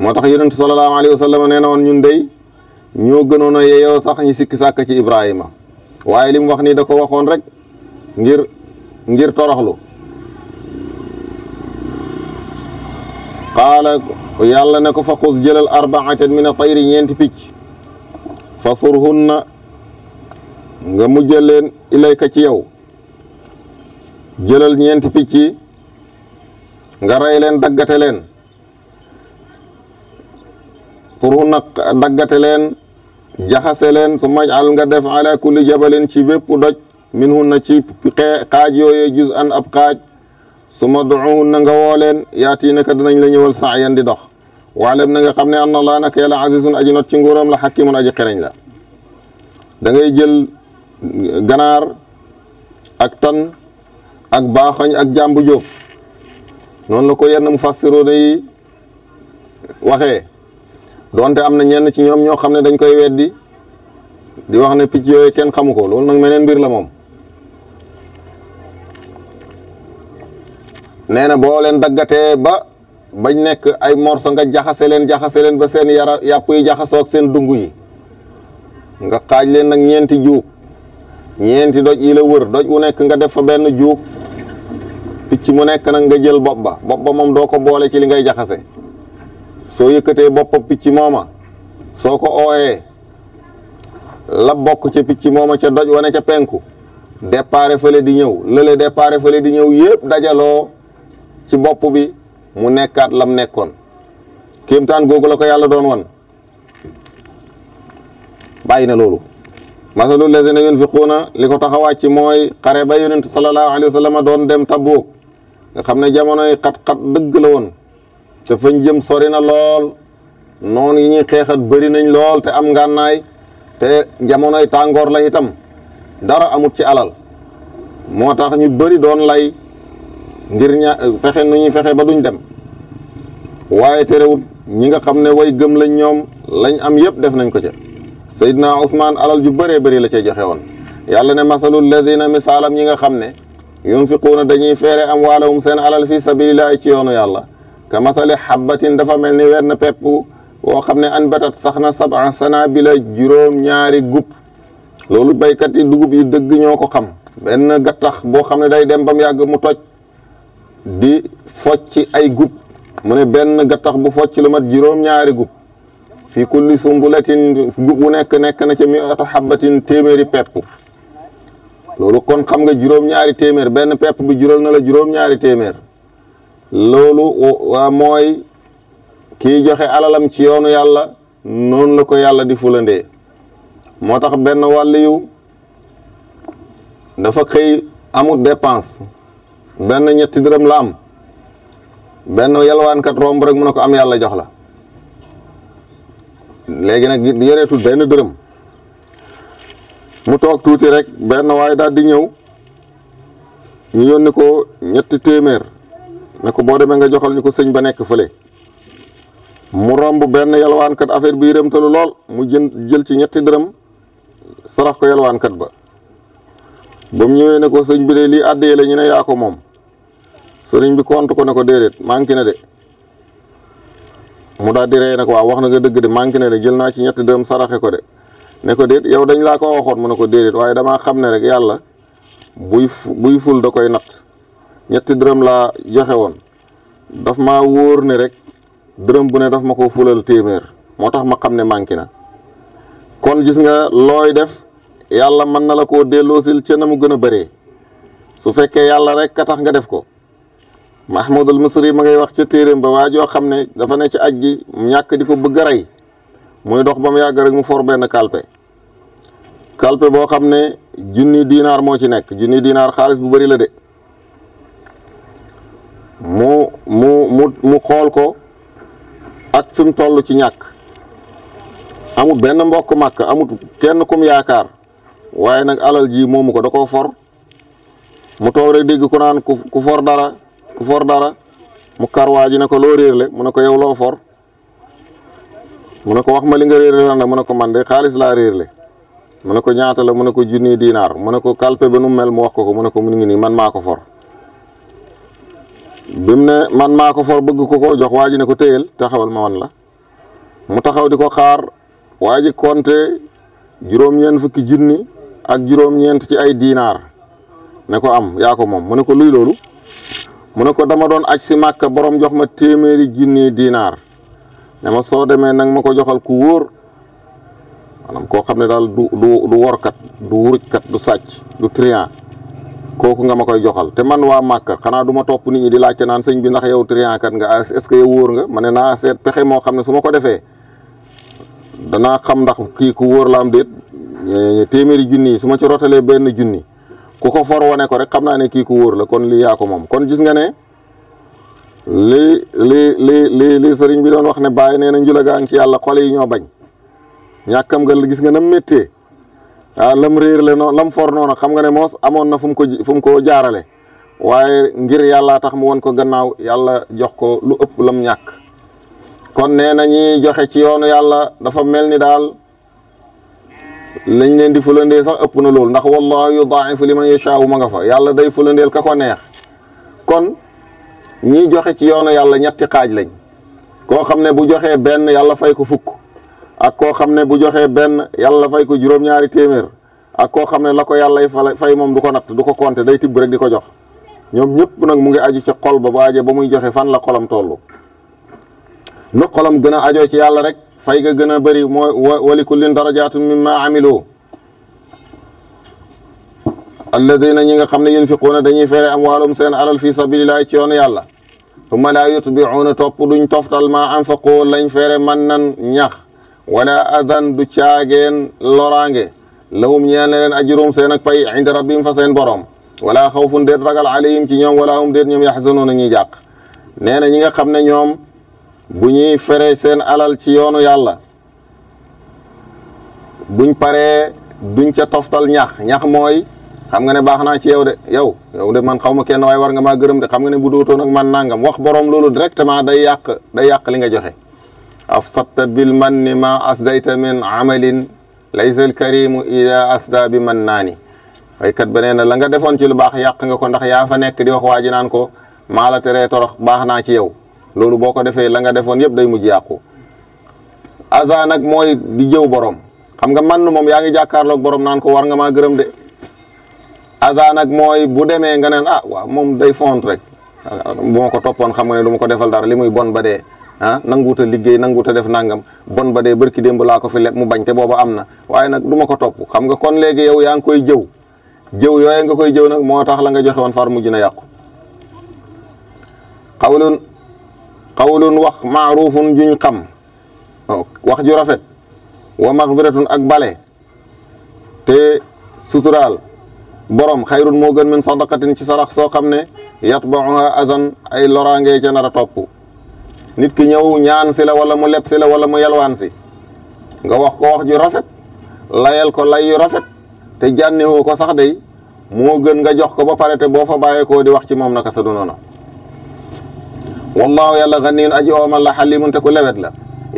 موتاخ يونت صلى الله عليه وسلم نينون نون داي ньо گنونو ييو ساخ ني سيك ساك تي ابراهيم وايل لم واخني داكو واخون رك ngir ngir toroxlu قال يالا نكو فخذ جلال اربعه من الطير ينت بيتش fasurhunna nga mujjal leen ilayka ci yow jëlal ñeenti picc yi nga rey leen daggate leen furhunna daggate leen jaxase leen su maj al nga def ala kulli jabalin ci bépp doj min hun na ci xaaj yooyee juz an ab xaaj su ma duuhun na nga woo leen yaati naka dinañ la ñëwal saayan di dox waalam na nga xam ne am na laa naka yàlla azizun aji not ci nguuram la xakimun aji xereñ la da jël ganaar ak tan ak baaxañ ak jàmbu jóob noonu la ko yenn mu fassiroona yi waxee donte am na ñenn ci ñoom ñoo xam ne dañ koy weddi di wax ne picc yooyu kenn xamu ko loolu nag meneen mbir la moom nee na boo ba bañ nekk ay morso nga jaxase leen jaxase leen ba seen yara yàpp yi jaxasoog seen dung yi nga xaaj leen nag ñeenti juug ñeenti doj yi la wër doj wu nekk nga def fa benn juug picc mu nekk nag nga jël bopp ba bopp ba moom doo ko boole ci li ngay jaxase soo yëkkatee bopp picc mooma soo ko ooyee la bokk ca picc mooma ca doj wane ca penku déparé fële di ñëw lële déparé fële di ñëw yépp dajaloo ci bopp bi mu nekkaat lam nekkoon kéemtaan googu la ko yàlla doon wan bàyyi na loolu masalul lazina yunfiquuna li ko tax a wàcc mooy xare ba yonent sallallahu alayhi wa sallam doon dem Tabuuk nga xam ne jamonoy xat-xat dëgg la woon te fañ jëm sori na lool noon yi ñuy xeexat bëri nañ lool te am ngànnaay te jamonoy tàngoor la itam dara amut ci alal moo tax ñu bëri doon lay ngir ña fexe nu ñuy fexe ba duñ dem waaye terewul ñi nga xam ne way gëm lañ ñoom lañ am yëpp def nañ ko ca Seydina Ousmane alal ju bëree bëri la cay joxe woon yàlla ne masalul ladina misaalam ñi nga xam ne yunfiquuna dañuy feere am waalawum seen alal fi sabilillahi ci yoonu yàlla ka masali xabbatin dafa mel ni wenn pepp woo xam ne an batat sax na saba sanabila juróom-ñaari gub loolu baykat yi dugub yi dëgg ñoo ko xam benn gattax boo xam ne day dem ba mu yàgg mu toj di focc ay gub mu ne benn gattax bu focc lu mat juróom-ñaari gub fi kulli sumbulatin gub bu nekk nekk na ca mi oto xabbatin téeméeri pepp loolu kon xam nga juróom-ñaari téeméer benn pepp bu jural na la juróom-ñaari téeméer loolu waa mooy kiy joxe alalam ci yoonu yàlla noonu la ko yàlla di fulandee moo tax benn wàlliyu dafa xëy amut dépense benn ñetti dërëm la am benn yalwaankat romb rek mu ne ko am yàlla jox la léegi nag yoreetul benn dërëm mu toog tuuti rek benn waay daal di ñëw ñu yónni ko ñetti téeméer ne ko boo demee nga joxal ñu ko sëñ ba nekk fële mu romb benn yalwaankat affaire bi yërëmtalu lool mu jën jël ci ñetti dërëm sarax ko yalwaankat ba ba mu ñëwee ne ko sëñ bi de lii àddee la ñu ne moom sëriñ bi compte ko ne ko déedéet manqué na de mu daal di rey ne ko waaw wax na nga dëgg de manqué na de jël naa ci ñetti dërëm saraxe ko de ne ko déet yow dañ laa ko waxoon mu ne ko déedéet waaye damaa xam ne rek yàlla buy buy ful da koy natt ñetti dërëm laa joxe woon daf ma wóor ne rek dërëm bu ne daf ma ko fulal téeméer moo tax ma xam ne manqué na kon gis nga looy def yàlla man na la koo delloosil ca na mu gën a bëree su fekkee yàlla rek ka tax nga def ko mahmoud al misri ma ngay wax ci terem ba waa xamne ne dafa ne ci aj ñak diko di bëgg ray moy dox bam mu rek mu for ben kalpe kalpe bo xamne ne dinar mo ci nek jinni dinar xaaliss bu bari la de mu mu mu mu xool ko ak fi tollu ci ñak amut ben mbokk màkk amut kenn kum yaakar waye nag alal ji momu ko dako for mu toore deg ku nan ku for dara ku for dara mu kar waji ji ne ko loo réerle mu ne ko yow lo for mu ne ko wax ma li nga réerle lan la mu ne ko man de xaalis mu ne ñaata la mu ne ko mu ne kalpe benum nu mel mu wax ko ko mu ne ko mu ngi ni man mako for bimne man mako for bëgg ko ko jox waji ji ne ko téyel taxawal ma wan la mu taxaw diko xaar waji konté juroom ñen fukki jinni ak juroom ñent ci ay dinar, ne ko am ya ko mom mu ne ko luy mu ko dama don acc ci makka borom jox ma téeméeri junni dinar ne so soo nak mako joxal ku wor manam ko xamné dal du du du wor kat du kat du sacc du trian koku nga makoy joxal té man wa makka xana duma top nit ñi di laacc naan señ bi ndax yow trian kat nga est-ce que yow wor nga mané na sét pexé mo xamné suma ko défé dana xam ndax ki ku wor la am déet téeméeri jinni suma ci rotalé ben jinni ku ko for wane ko rek xam naa ne kii ku wóor la kon lii ko moom kon gis nga ne li li li li li sëriñ bi doon wax ne bàyyi nee na njula gaa ngi ci yàlla xol yi ñoo bañ ñàkkam nga gis nga nam méttee ah lam réer la noonu lam for noonu xam nga ne moos amoon na fu mu ko fu mu ko jaarale waaye ngir yàlla tax mu won ko gannaaw yàlla jox ko lu ëpp lam ñàkk kon nee ñi joxe ci yoonu dafa mel ni daal lañ leen di fulandee sax ëpp na loolu ndax wallahu yudaa'ifu liman yashaa'u ma nga fa yàlla day fulandeel ka ko neex kon ñiy joxe ci yoonu yàlla ñetti xaaj lañ koo xam ne bu joxee benn yàlla fay ko fukk ak koo xam ne bu joxee benn yàlla fay ko juróom-ñaari téeméer ak koo xam ne la ko yàllay fay moom du ko natt du ko compter day tib rek di ko jox ñoom ñëpp nag mu ngi aju ci xol ba ba aje ba muy joxe fan la xolam toll nu xolam gën a ajoo ci yàlla rek fay ga gën a bëri mooy wali kullin darajaatun mimma amilu alladina ñi nga xam ne yunfiquuna dañuy fere am waalum seen alal fi sabilillahi ci yoonu yàlla summa laa yutbiuuna topp duñ toftal ma anfaqoo lañ fere man nan ñax wala adan du caageen loraange lahum ñeel ne leen ajurum seen ak pay inda rabbihim fa seen borom wala xawfun déet ragal alayhim ci ñoom wala hum déet ñoom yaxzanuuna ñuy jàq nee na ñi nga xam ne ñoom bu ñuy fere seen alal ci yoonu yàlla buñ paree duñ ca toftal ñax ñax mooy xam nga ne baax naa ci yow de yow yow de man xaw ma kenn waay war nga maa gërëm de xam nga ne bu dootoon ak man nangam wax borom loolu directement day yàq day yàq li nga joxe afsatta bil ni ma asdayta min amalin laysa al karimu ida asda bi man naani waykat ba neena la nga defoon ci lu baax yàq nga ko ndax yaa fa nekk di wax waa ji naan ko maa la teree torox baax naa ci yow loolu boo ko defee la nga defoon yëpp day mujj yàqu azan nag mooy di jëw boroom xam nga man moom yaa ngi jàkkaarloog borom naan ko war nga maa gërëm de azan nag mooy bu demee nga neen ah waaw moom day font rek bu ma ko toppoon xam nga ne du ma ko defal dara li muy bon ba dee ah nanguut a liggéey nanguut a def nangam bon ba dee bërki démb laa ko fi leb mu bañ te booba am na waaye nag du ma ko topp xam nga kon léegi yow yaa ngi koy jëw jëw yooy nga koy jëw nag moo tax la nga joxe far mujj na yàqu qawlun wax maarufun juñ xam oh, wax ju rafet wa maxfiratun ak bale te suturaal borom xayrun moo gën min sadaqatin ci sarax soo xam ne yatba'uha azan ay loraangee ca nar a topp nit ki ñëw ñaan si la wala mu leb si la wala mu yalwaan si nga wax ko wax ju rafet layal ko lay yu rafet te jànnewoo ko sax day moo gën nga jox ko ba pare te boo fa bàyyeekoo di wax ci moom naka sa du noonu wallaahu yàlla ganiyun aji oomal la xalimun te ku lewet la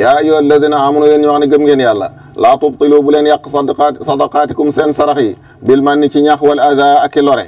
yaa ayyuha alladina amanu yéen ñoo xam ne gëm ngeen yàlla laa tubtilu bu leen yàq sadaqaat sadaqaatikum seen sarax yi bil man ni ci ñax wala adaa ak i lore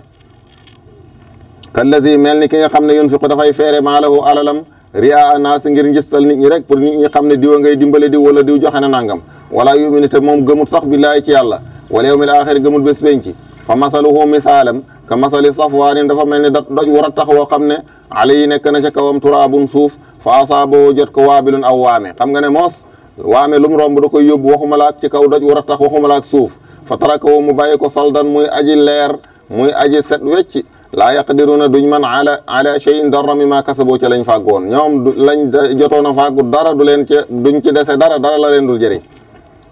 kallazi mel ni ki nga xam ne yunfiqu dafay feere maalahu alalam riyaa naas ngir njistal nit ñi rek pour nit ñi xam ne diwa ngay dimbale diw wala diw joxe na nangam wala yuminu te moom gëmut sax billaahi ci yàlla wala yawmil aaxir gëmut bés penc fa masaluhu misaalam ka masali safwaanin dafa mel ni da doj war a tax xam ne ala yi nekk na ca kawam turaabun suuf fa asaaboo jot ko waabilun aw waame xam nga ne moos waame lum romb da koy yóbbu waxuma laak ci kaw doj war a tax waxuma suuf fa tarakawo mu bàyyi ko saldan muy aji leer muy aji set wecc laa na duñ man ala ala cheyin dara mi maa kasaboo ca lañ fàggoon ñoom lañ jotoon a fàggu dara du leen ca duñ ci dese dara dara la leen dul jëriñ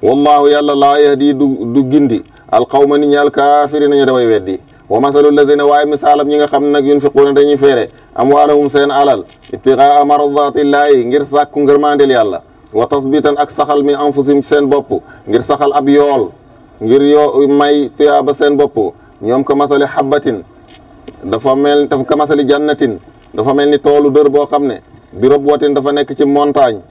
wallahu yàlla laa du du gindi al qawma ni ñal kafirina ñu daway weddi wa masalul ladina way misalam ñi nga xam ne nag yunfiquuna dañuy am walahum seen alal ibtigaa llahi ngir ngir mandel yalla wa tasbitan ak saxal mi anfusim sen bop ngir saxal ab yool ngir yo may tiyaba seen bop ñom ko masali habatin dafa mel dafa ko masali jannatin dafa melni ni deur bo xamne bi rob dafa nek ci montagne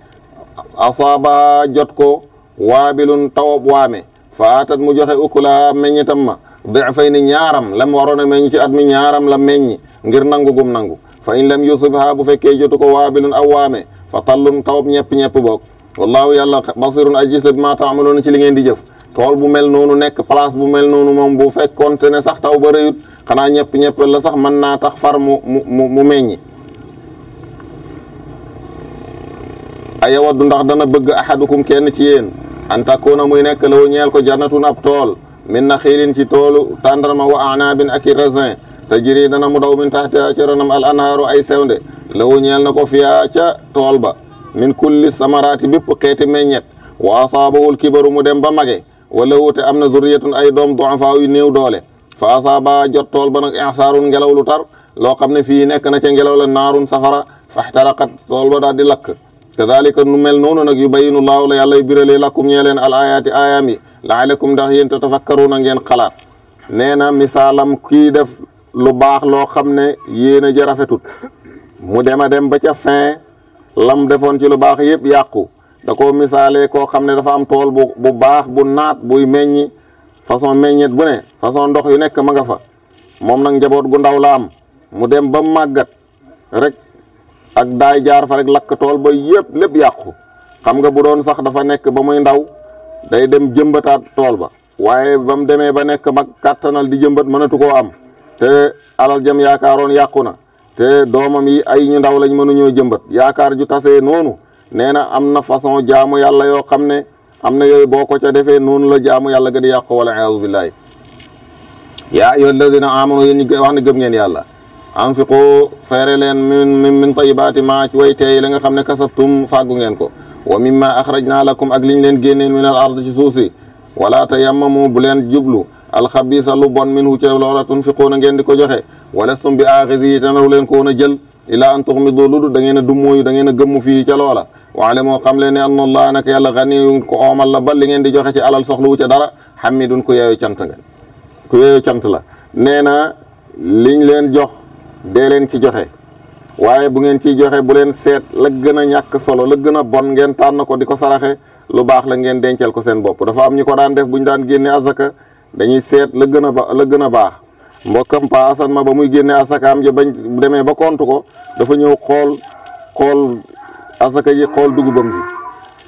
asaba jot ko waabilun tawab wame fa atat mu joxe ukula meññitam ma difay ni ñaaram lam waroon a meññ ci at mi ñaaram la meññi ngir nangu gum nangu fa in lam yusibha bu fekkee jotu ko waabilun aw waame fa tallun tawab ñepp-ñepp boog wallaahu yàlla basirun ay gis la bi maa taamaloona ci li ngeen di jëf tool bu mel noonu nekk place bu mel noonu moom bu fekkoonte ne sax taw ba xanaa ñepp-ñepp la sax man naa tax far mu mu mu meññi ayawaddu ndax dana bëgg ahadukum kenn ci yéen an na muy nekk law ñeel ko jannatun ab tool min naxiilin ci toolu tàndarma wa anaabin ak i raisin tajri dana mu daw min taxtihaa ca ronam al anhaaru ay sewnde law ñeel na ko fiyaa ca tool ba min kulli samaraati bépp xeeti meññet wa asaabahul kibaru mu dem ba mage wala wuute am na zurriyatun ay doom duafaa yu néew doole fa asaaba jot tool ba nag insaarun ngelaw lu tar loo xam ne fii nekk na ca ngelaw la naarun safara faxtaraqat tool ba daal di lakk kadalika nu mel noonu nag yu bayinu laaw la yàlla biralee lakum ñee leen al ayaati ayaam yi laalakum ndax yéen na ngeen xalaat nee na misaalam kii def lu baax loo xam ne yéen a jarafetut mu dem a dem ba ca fin lam defoon ci lu baax yëpp yàqu da koo misaalee koo xam ne dafa am tool bu bu baax bu naat buy meññi façon meññet bu ne façon ndox yu nekk ma nga fa moom nag njaboot gu ndaw la am mu dem ba màggat rek ak daay jaar fa rek lakk tool ba yëpp lépp yàqu xam nga bu doon sax dafa nekk ba muy ndaw day dem jëmbataat tool ba waaye ba mu demee ba nekk mag kàttanal di jëmbat mënatu koo am te alal jëm yaakaaroon yàqu na te doomam yi ay ñu ndaw lañ mënuñoo jëmbat yaakaar ju tasee noonu nee na am na façon jaamu yàlla yoo xam ne am na yooyu boo ko ca defee noonu la jaamu yàlla ga di yàqu wala a'uuzu billaahi yaa ayyuha alladina amanu yéen ñu wax ne gëm ngeen yàlla anfiqu feere leen min min tayibaati way teey la nga xam ne kasabtum fàggu ngeen ko wa mimma axrajnaa lakum ak liñ leen génneen min al ard ci suuf si wala tayammamu bu leen jublu alxabisa lu bon min hu ca loola tunfiquuna ngeen di ko joxe walastum bi aaxizi yi tenaru leen ko woon a jël ilaa an tuxmidu ludu da ngeen a da ngeen a gëmmu ca loola waale moo leen ne anna allah nag yàlla ganiyun ko oomal la ba li ngeen di joxe ci alal soxlu wu ca dara xamidun ku yeeyu cant nga ku yeeyu cant la nee na dee leen ci joxe waaye bu ngeen ciy joxe bu leen seet la gën a ñàkk solo la gën a bon ngeen tànn ko di ko saraxe lu baax la geen dencal ko seen bopp dafa am ñu ko daan def bu daan génne asaka dañuy seet la gën a ba la gën a baax mbokkam Pa Assane ma ba muy génne asaka am ja bañ demee ba kont ko dafa ñëw xool xool asaka ji xool dugubam ji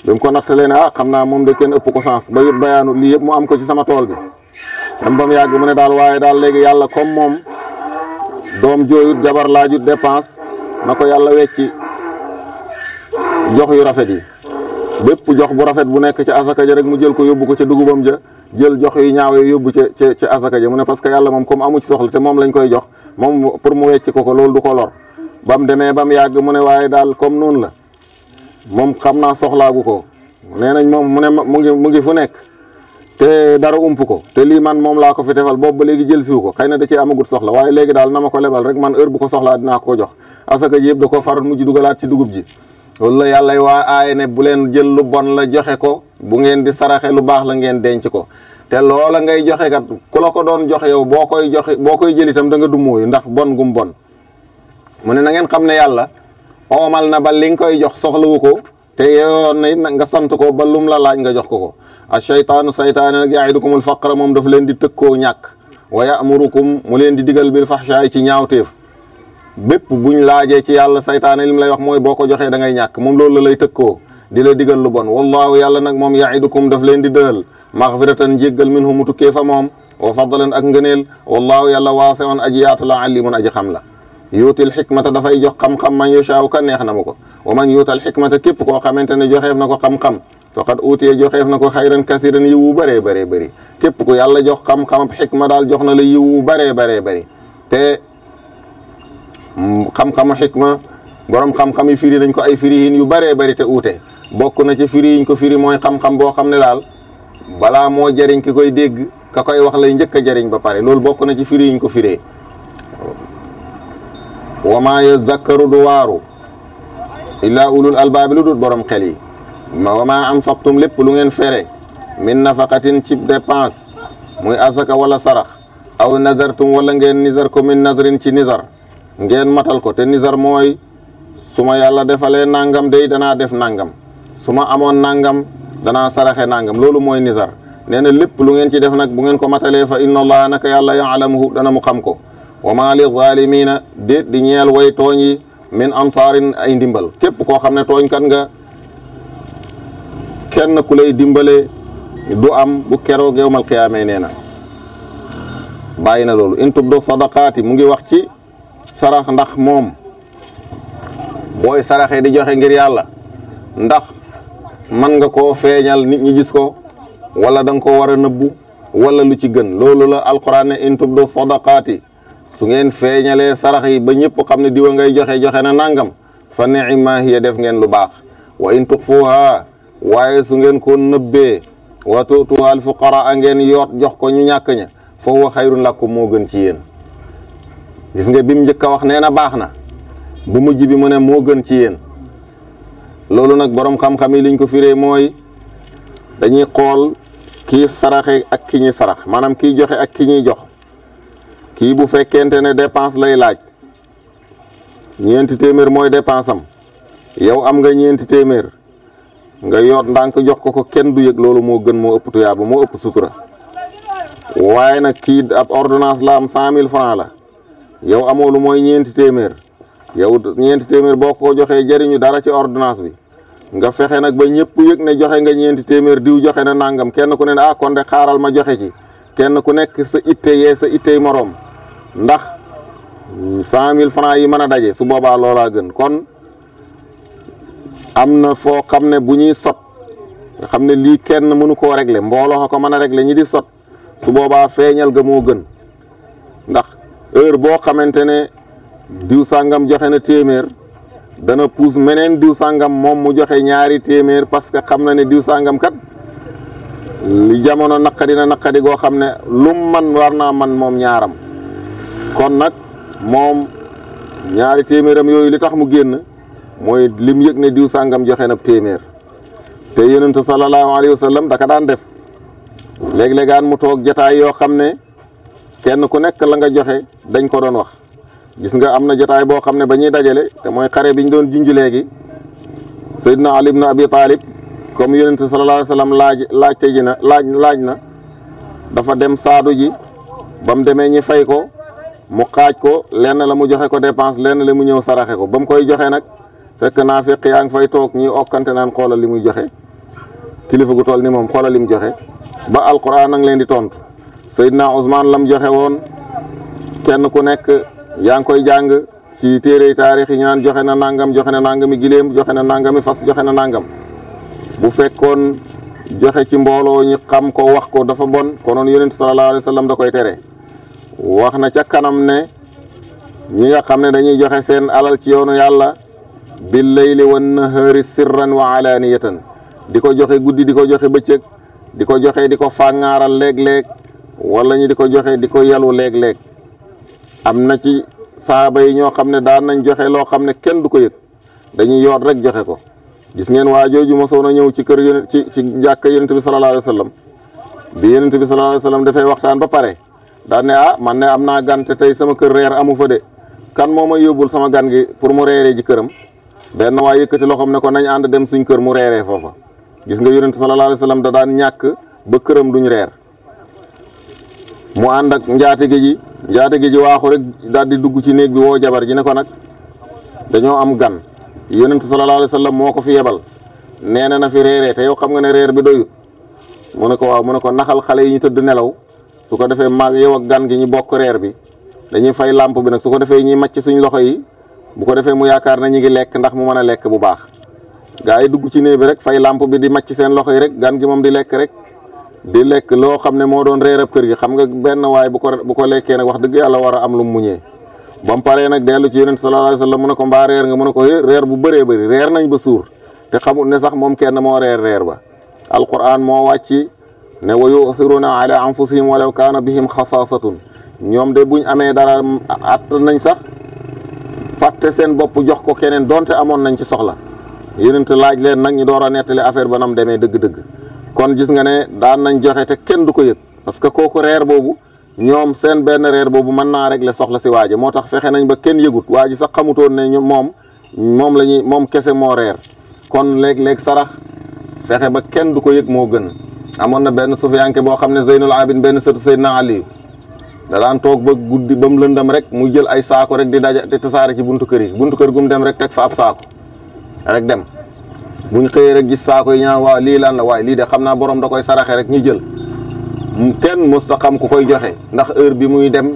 bi mu ko nattalee ne ah xam naa moom de kenn ëpp ko sens ba yëpp bayaanu lii yëpp mu am ko ci sama tool bi dem ba mu yàgg doom jooyut jabar laajut dépense na ko yàlla wecci jox yu rafet yi bépp jox bu rafet bu nekk ci asaka ja rek mu jël ko yóbbu ko ca dugubam ja jël jox yu ñaaw yi yóbbu ca ca ca asaka ja mu ne parce que yàlla moom comme amu ci soxla te moom lañ koy jox moom pour mu wecc ko ko loolu du ko lor ba mu demee ba mu yàgg mu ne waaye daal comme noonu la moom xam naa soxlaagu ko nee nañ moom mu ne fu nekk. te dara ump ko te lii man moom laa ko fi defal boobu ba léegi jël siwu ko xëy na da cee amagut soxla waaye léegi daal nama ko lebal rek man heure bu ko soxlaa dinaa ko jox asaka ji yëpp da ko faroon mujj dugalaat ci dugub ji loolu la yàlla waa aaye ne bu leen jël lu bon la joxe ko bu ngeen di saraxe lu baax la ngeen denc ko te loola ngay joxe kat ku la ko doon joxe yow boo koy joxe boo koy jël itam da nga dummóoyu ndax bon gum bon mu ne na ngeen xam ne yàlla oomal na ba li nga koy jox soxlawu ko te yoon na nga sant ko ba lum la laaj nga jox ko ko ashaytaanu saytaane nag yaidukum al faqra moom daf leen di tëkkoo ñàkk wa yamurukum mu leen di digal bil faxshaay ci ñaawteef bépp buñ laajee ci yàlla saytaane lim lay wax mooy boo ko joxee da ngay ñàkk moom loolu la lay tëkkoo di la digal lu bon wallahu yàlla nag moom yaidukum daf leen di dëhal maxfiratan jéggal min hu mu tukkee fa moom wa fadlan ak ngëneel wallahu yàlla waasewoon aji yaatu la alimun aji xam la yuutil xikmata dafay jox xam-xam man yashaaw ka neex na mu ko wa man yuutal xikmata képp koo xamante ne joxeef na ko xam-xam faqad uutiye joxeef na ko xayran kasiran yiw wu bëree bëree bëri képp ku yàlla jox xam-xam ab xikma daal jox na la yiw wu bëree bëree bëri te xam-xamu xikma xam-xam yi firi nañ ko ay firi yin yu bëree bëri te uute bokk na ci firi yiñ ko firi mooy xam-xam boo xam ne daal balaa moo jëriñ ki koy dégg ka koy wax lay njëkk a jëriñ ba pare loolu bokk na ci firi yiñ ko firee wamaa yazakkaru du waaru illaa ulul albaabi lu dul borom xel yi ma wa maa anfaqtum lépp lu ngeen fere min nafaqatin cib dépense muy asaka wala sarax aw nazartum wala ngeen nizar ko min nazrin ci nizar ngeen matal ko te nizar mooy su ma yàlla defalee nangam day danaa def nangam su ma amoon nangam danaa saraxe nangam loolu mooy nizar nee na lépp lu ngeen ci def nag bu ngeen ko matalee fa inna allaha naka yàlla yaalamuhu dana mu xam ko wa maa li zaalimina déet di ñeel way tooñ yi min ansaarin ay ndimbal képp koo xam ne tooñkat nga kenn ku lay dimbale du am bu keroo yowmal qiyaamee nee na bàyyi na loolu in tubdu sadaqaati mu ngi wax ci sarax ndax moom booy saraxee di joxe ngir yàlla ndax man nga koo feeñal nit ñi gis ko wala da ko war a nëbbu wala lu ci gën loolu la alquran ne in tubdu sadaqaati su ngeen feeñalee sarax yi ba ñëpp xam ne diwa ngay joxe joxe na nangam fa ni'ma hiya def ngeen lu baax wa in tuxfuha waaye su ngeen ko nëbbee wa tuutu al a ngeen yoot jox ko ñu ñàkk ña fa huwa xayrun lakum moo gën ci yéen gis nga bi mu njëkk a wax nee na baax na bu mujj bi mu ne moo gën ci yéen loolu nag boroom xam-xam yi liñ ko firee mooy dañuy xool kii saraxe ak ki ñuy sarax maanaam kiy joxe ak ki ñuy jox kii bu fekkente ne dépense lay laaj ñeenti téeméer mooy dépense am yow am nga ñeenti téeméer nga yor ndank jox ko ko kenn du yek lolu mo gën moo ëpp tuyaaba mo upp sutura way na ki ab ordonnance la am 100000 francs la yow amoolu moy ñent témèr yow ñent témèr boko ko jariñu dara ci ordonnance bi nga fexé nak ba ñepp yek ne joxe nga ñent témèr diw joxe na nangam kenn ku ne ah kon de xaaral ma joxe ci kenn ku nekk sa ité yee sa ité morom ndax 100000 francs yi mëna dajé daje su boba lola gën kon am na foo xam ne bu ñuy sot xam ne lii kenn mënu koo régler mbooloo ko mën a régler ñi di sot su boobaa feeñal ga moo gën ndax heure boo xamante ne diw sàngam joxe na téeméer dana puus meneen diw sangam moom mu joxe ñaari téeméer parce que xam na ne diw sangam kat li jamono naqadi na naqadi goo xam ne lum man war naa man moom ñaaram kon nag moom ñaari am yooyu li tax mu génn mooy lim yëg ne diw sàngam joxe na téeméer te yonentu sallallahu alayhi wa daka daan def léeg-léegaan mu toog jataay yoo xam ne kenn ku nekk la nga joxe dañ ko doon wax gis nga am na jataay boo xam ne ba ñuy dajale te mooy xare biñ doon junj léegi Seydina Ali ibn Abi Talib comme yonentu sallallahu alayhi wa laaj laajte ji na laaj laaj na dafa dem saadu ji ba mu demee ñi fay ko mu xaaj ko lenn la mu joxe ko dépense lenn la mu ñëw saraxe ko ba mu koy joxe nag fekk naa fekk yaa ngi fay toog ñi okkante naan xoolal li muy joxe kilifa gu toll ni moom xoolal li joxe ba alquran nang leen di tontu Seydina Ousmane lam joxe woon kenn ku nekk yaa ngi koy jàng ci téere taarix yi ñu joxe na nangam joxe na nangami gileem joxe na nangami fas joxe na nangam bu fekkoon joxe ci mbooloo ñi xam ko wax ko dafa bon konoon yonent sallallahu alayhi wa sallam da koy tere wax na ca ne ñi nga xam ne dañuy joxe seen alal ci yoonu yàlla. billayli wan nahaari sirran wa alaaniyatan di ko joxe guddi di ko joxe bëccëg di ko joxe di ko fàngaaral léeg-léeg wala ñu di ko joxe di ko yalu léeg-léeg am na ci saaba yi ñoo xam ne daan nañ joxe loo xam ne kenn du ko yëg dañuy yoot rek joxe ko gis ngeen waa jooju mosoon a ñëw ci kër yonent ci ci jàkka yonent bi sallallahu alayhi wa sallam bi yonent bi sallallahu dafay waxtaan ba pare daan ne ah man ne am naa gante tey sama kër reer amu fa de kan moo ma yóbbul sama gan gi pour mu reeree ji këram benn waay yëkkati loxoom ne ko nañ ànd dem suñ kër mu reere foofa gis nga yonent sallallahu alayhi wa sallam da daan ñàkk ba këram duñ reer mu ànd ak njaatige ji njaatige ji waaxu rek daal di dugg ci néeg bi woo jabar ji ne ko nag dañoo am gan yonent sallallahu alayhi wa sallam moo ko fi yebal nee na na fi reeree te yow xam nga ne reer bi doyut mu ne ko waaw mu ne ko naxal xale yi ñu tëdd nelaw su ko defee maag yow ak gan gi ñu bokk reer bi dañuy fay làmp bi nag su ko defee ñuy màcc suñ loxo yi bu ko defee mu yaakaar na ñu ngi lekk ndax mu mën a lekk bu baax gaa yi dugg ci néeg bi rek fay lampe bi di màcc seen loxo yi rek gan gi moom di lekk rek di lekk loo xam ne moo doon réerab kër gi xam nga benn waay bu ko bu ko lekkee nag wax dëgg yàlla war am lu mu muñee ba mu paree nag dellu ci yonent sallallahu alayhi wa sallam mu ne ko mbaa reer nga mu ne ko reer bu bëree bëri reer nañ ba suur te xamul ne sax moom kenn moo reer reer ba alquran moo wàcc ne wa yu'thiruna ala anfusihim walaw kaana bihim xasaasatun ñoom de buñ amee dara nañ sax fàtte seen bopp jox ko keneen donte amoon nañ ci soxla yonent laaj leen nag ñu door a nettale affaire ba nam demee dëgg-dëgg kon gis ne daan nañ joxe te kenn du ko yëg parce que kooku reer boobu ñoom seen benn reer boobu mën naa régler soxla si waa ji moo tax fexe nañ ba kenn yëgut waa ji sax xamutoon ne ñu moom moom la ñuy moom kese moo reer kon léeg-léeg sarax fexe ba kenn du ko yëg moo gën amoon na benn sufiyanke boo xam ne Zeynul Abidin benn sëtu Seydina Ali da daan toog ba guddi ba mu lëndam rek mu jël ay saako rek di daja di saare ci buntu kër yi buntu kër gu mu dem rek teg fa saako rek dem buñ xëyee rek gis saako yi ñaan waaw lii lan la waaye lii de xam na borom da koy saraxe rek ñu jël kenn mës ta xam ku koy joxe ndax heure bi muy dem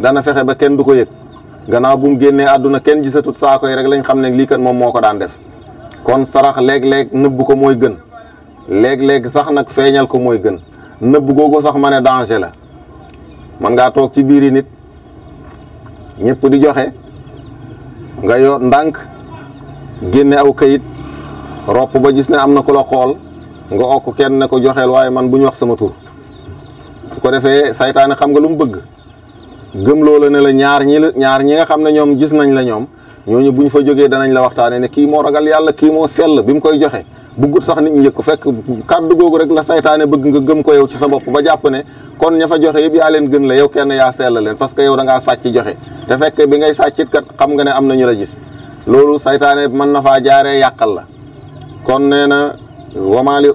dana fexe ba kenn du ko yëg gannaaw bu mu génnee àdduna kenn gisatut saako yi rek lañ xam ne lii kat moom moo ko daan def kon sarax léeg-léeg nëbb ko mooy gën léeg-léeg sax nag feeñal ko mooy gën nëbb googu sax ma ne danger la man ngaa toog ci biiri nit ñëpp di joxe nga yor ndànk génne aw kayit ropp ba gis ne am na ku la xool nga okk kenn ne ko joxeel waaye man bu ñu wax sama tur ko defee saytaane xam nga lu mu bëgg gëm loola ne la ñaar ñi la ñaar ñi nga xam ne ñoom gis nañ la ñoom ñooñu bu ñu fa jógee danañ la waxtaane ne kii moo ragal yàlla kii moo sell bi mu koy joxe bëggut sax nit ñi yëg fekk kaddu gogu rek la saytane bëgg nga gëm ko yow ci sa bop ba japp ne kon ñafa joxe yeb ya leen gën la yow kenn ya sell leen parce que yow da nga sacc joxe te fekk bi ngay sacc kat xam nga ne am nañu la gis lolu saytane man na fa jaaree yakal la kon neena wamali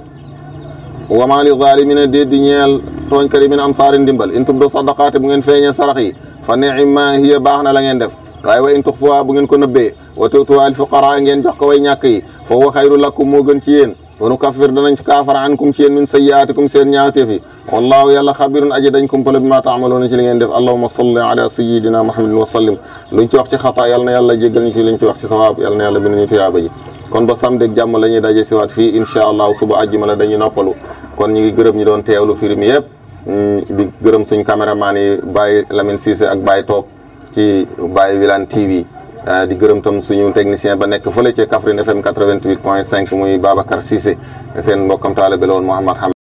wamali zalimin de di ñeel tooñkat yi min am saari ndimbal intum do sadaqati bu ngeen feñe sarax yi fa ni'ma hiya baax la ngeen def way wa in tuxfuwa bu ngeen ko nebbe wa tuutuwa al fuqara ngeen jox ko way ñak yi فهو خير لكم موغن تي ين ونكفر دنا كافر عنكم تي من سيئاتكم سير نياتي والله يلا خبير اجي دنجكم بل ما تعملون تي لين ديف اللهم صل على سيدنا محمد وسلم لو نتي وقت خطا يلا يلا جيغل نتي لين تي وقت ثواب يلا يلا بن نتي ابي كون با سامد جام لا ني داجي سيوات في ان شاء الله صبح اجي مانا دني نوبلو كون نيغي غرم ني دون تيولو فيرم ييب دي غرم سيني كاميرامان باي لامين سيسي اك باي توك كي باي فيلان تي في Euh, di gërëm tam suñu technicien ba nekk fële ca Kaffrine FM 88 point 5 muy Babacar Cissé seen mbokkam taalibe la woon Mouhamad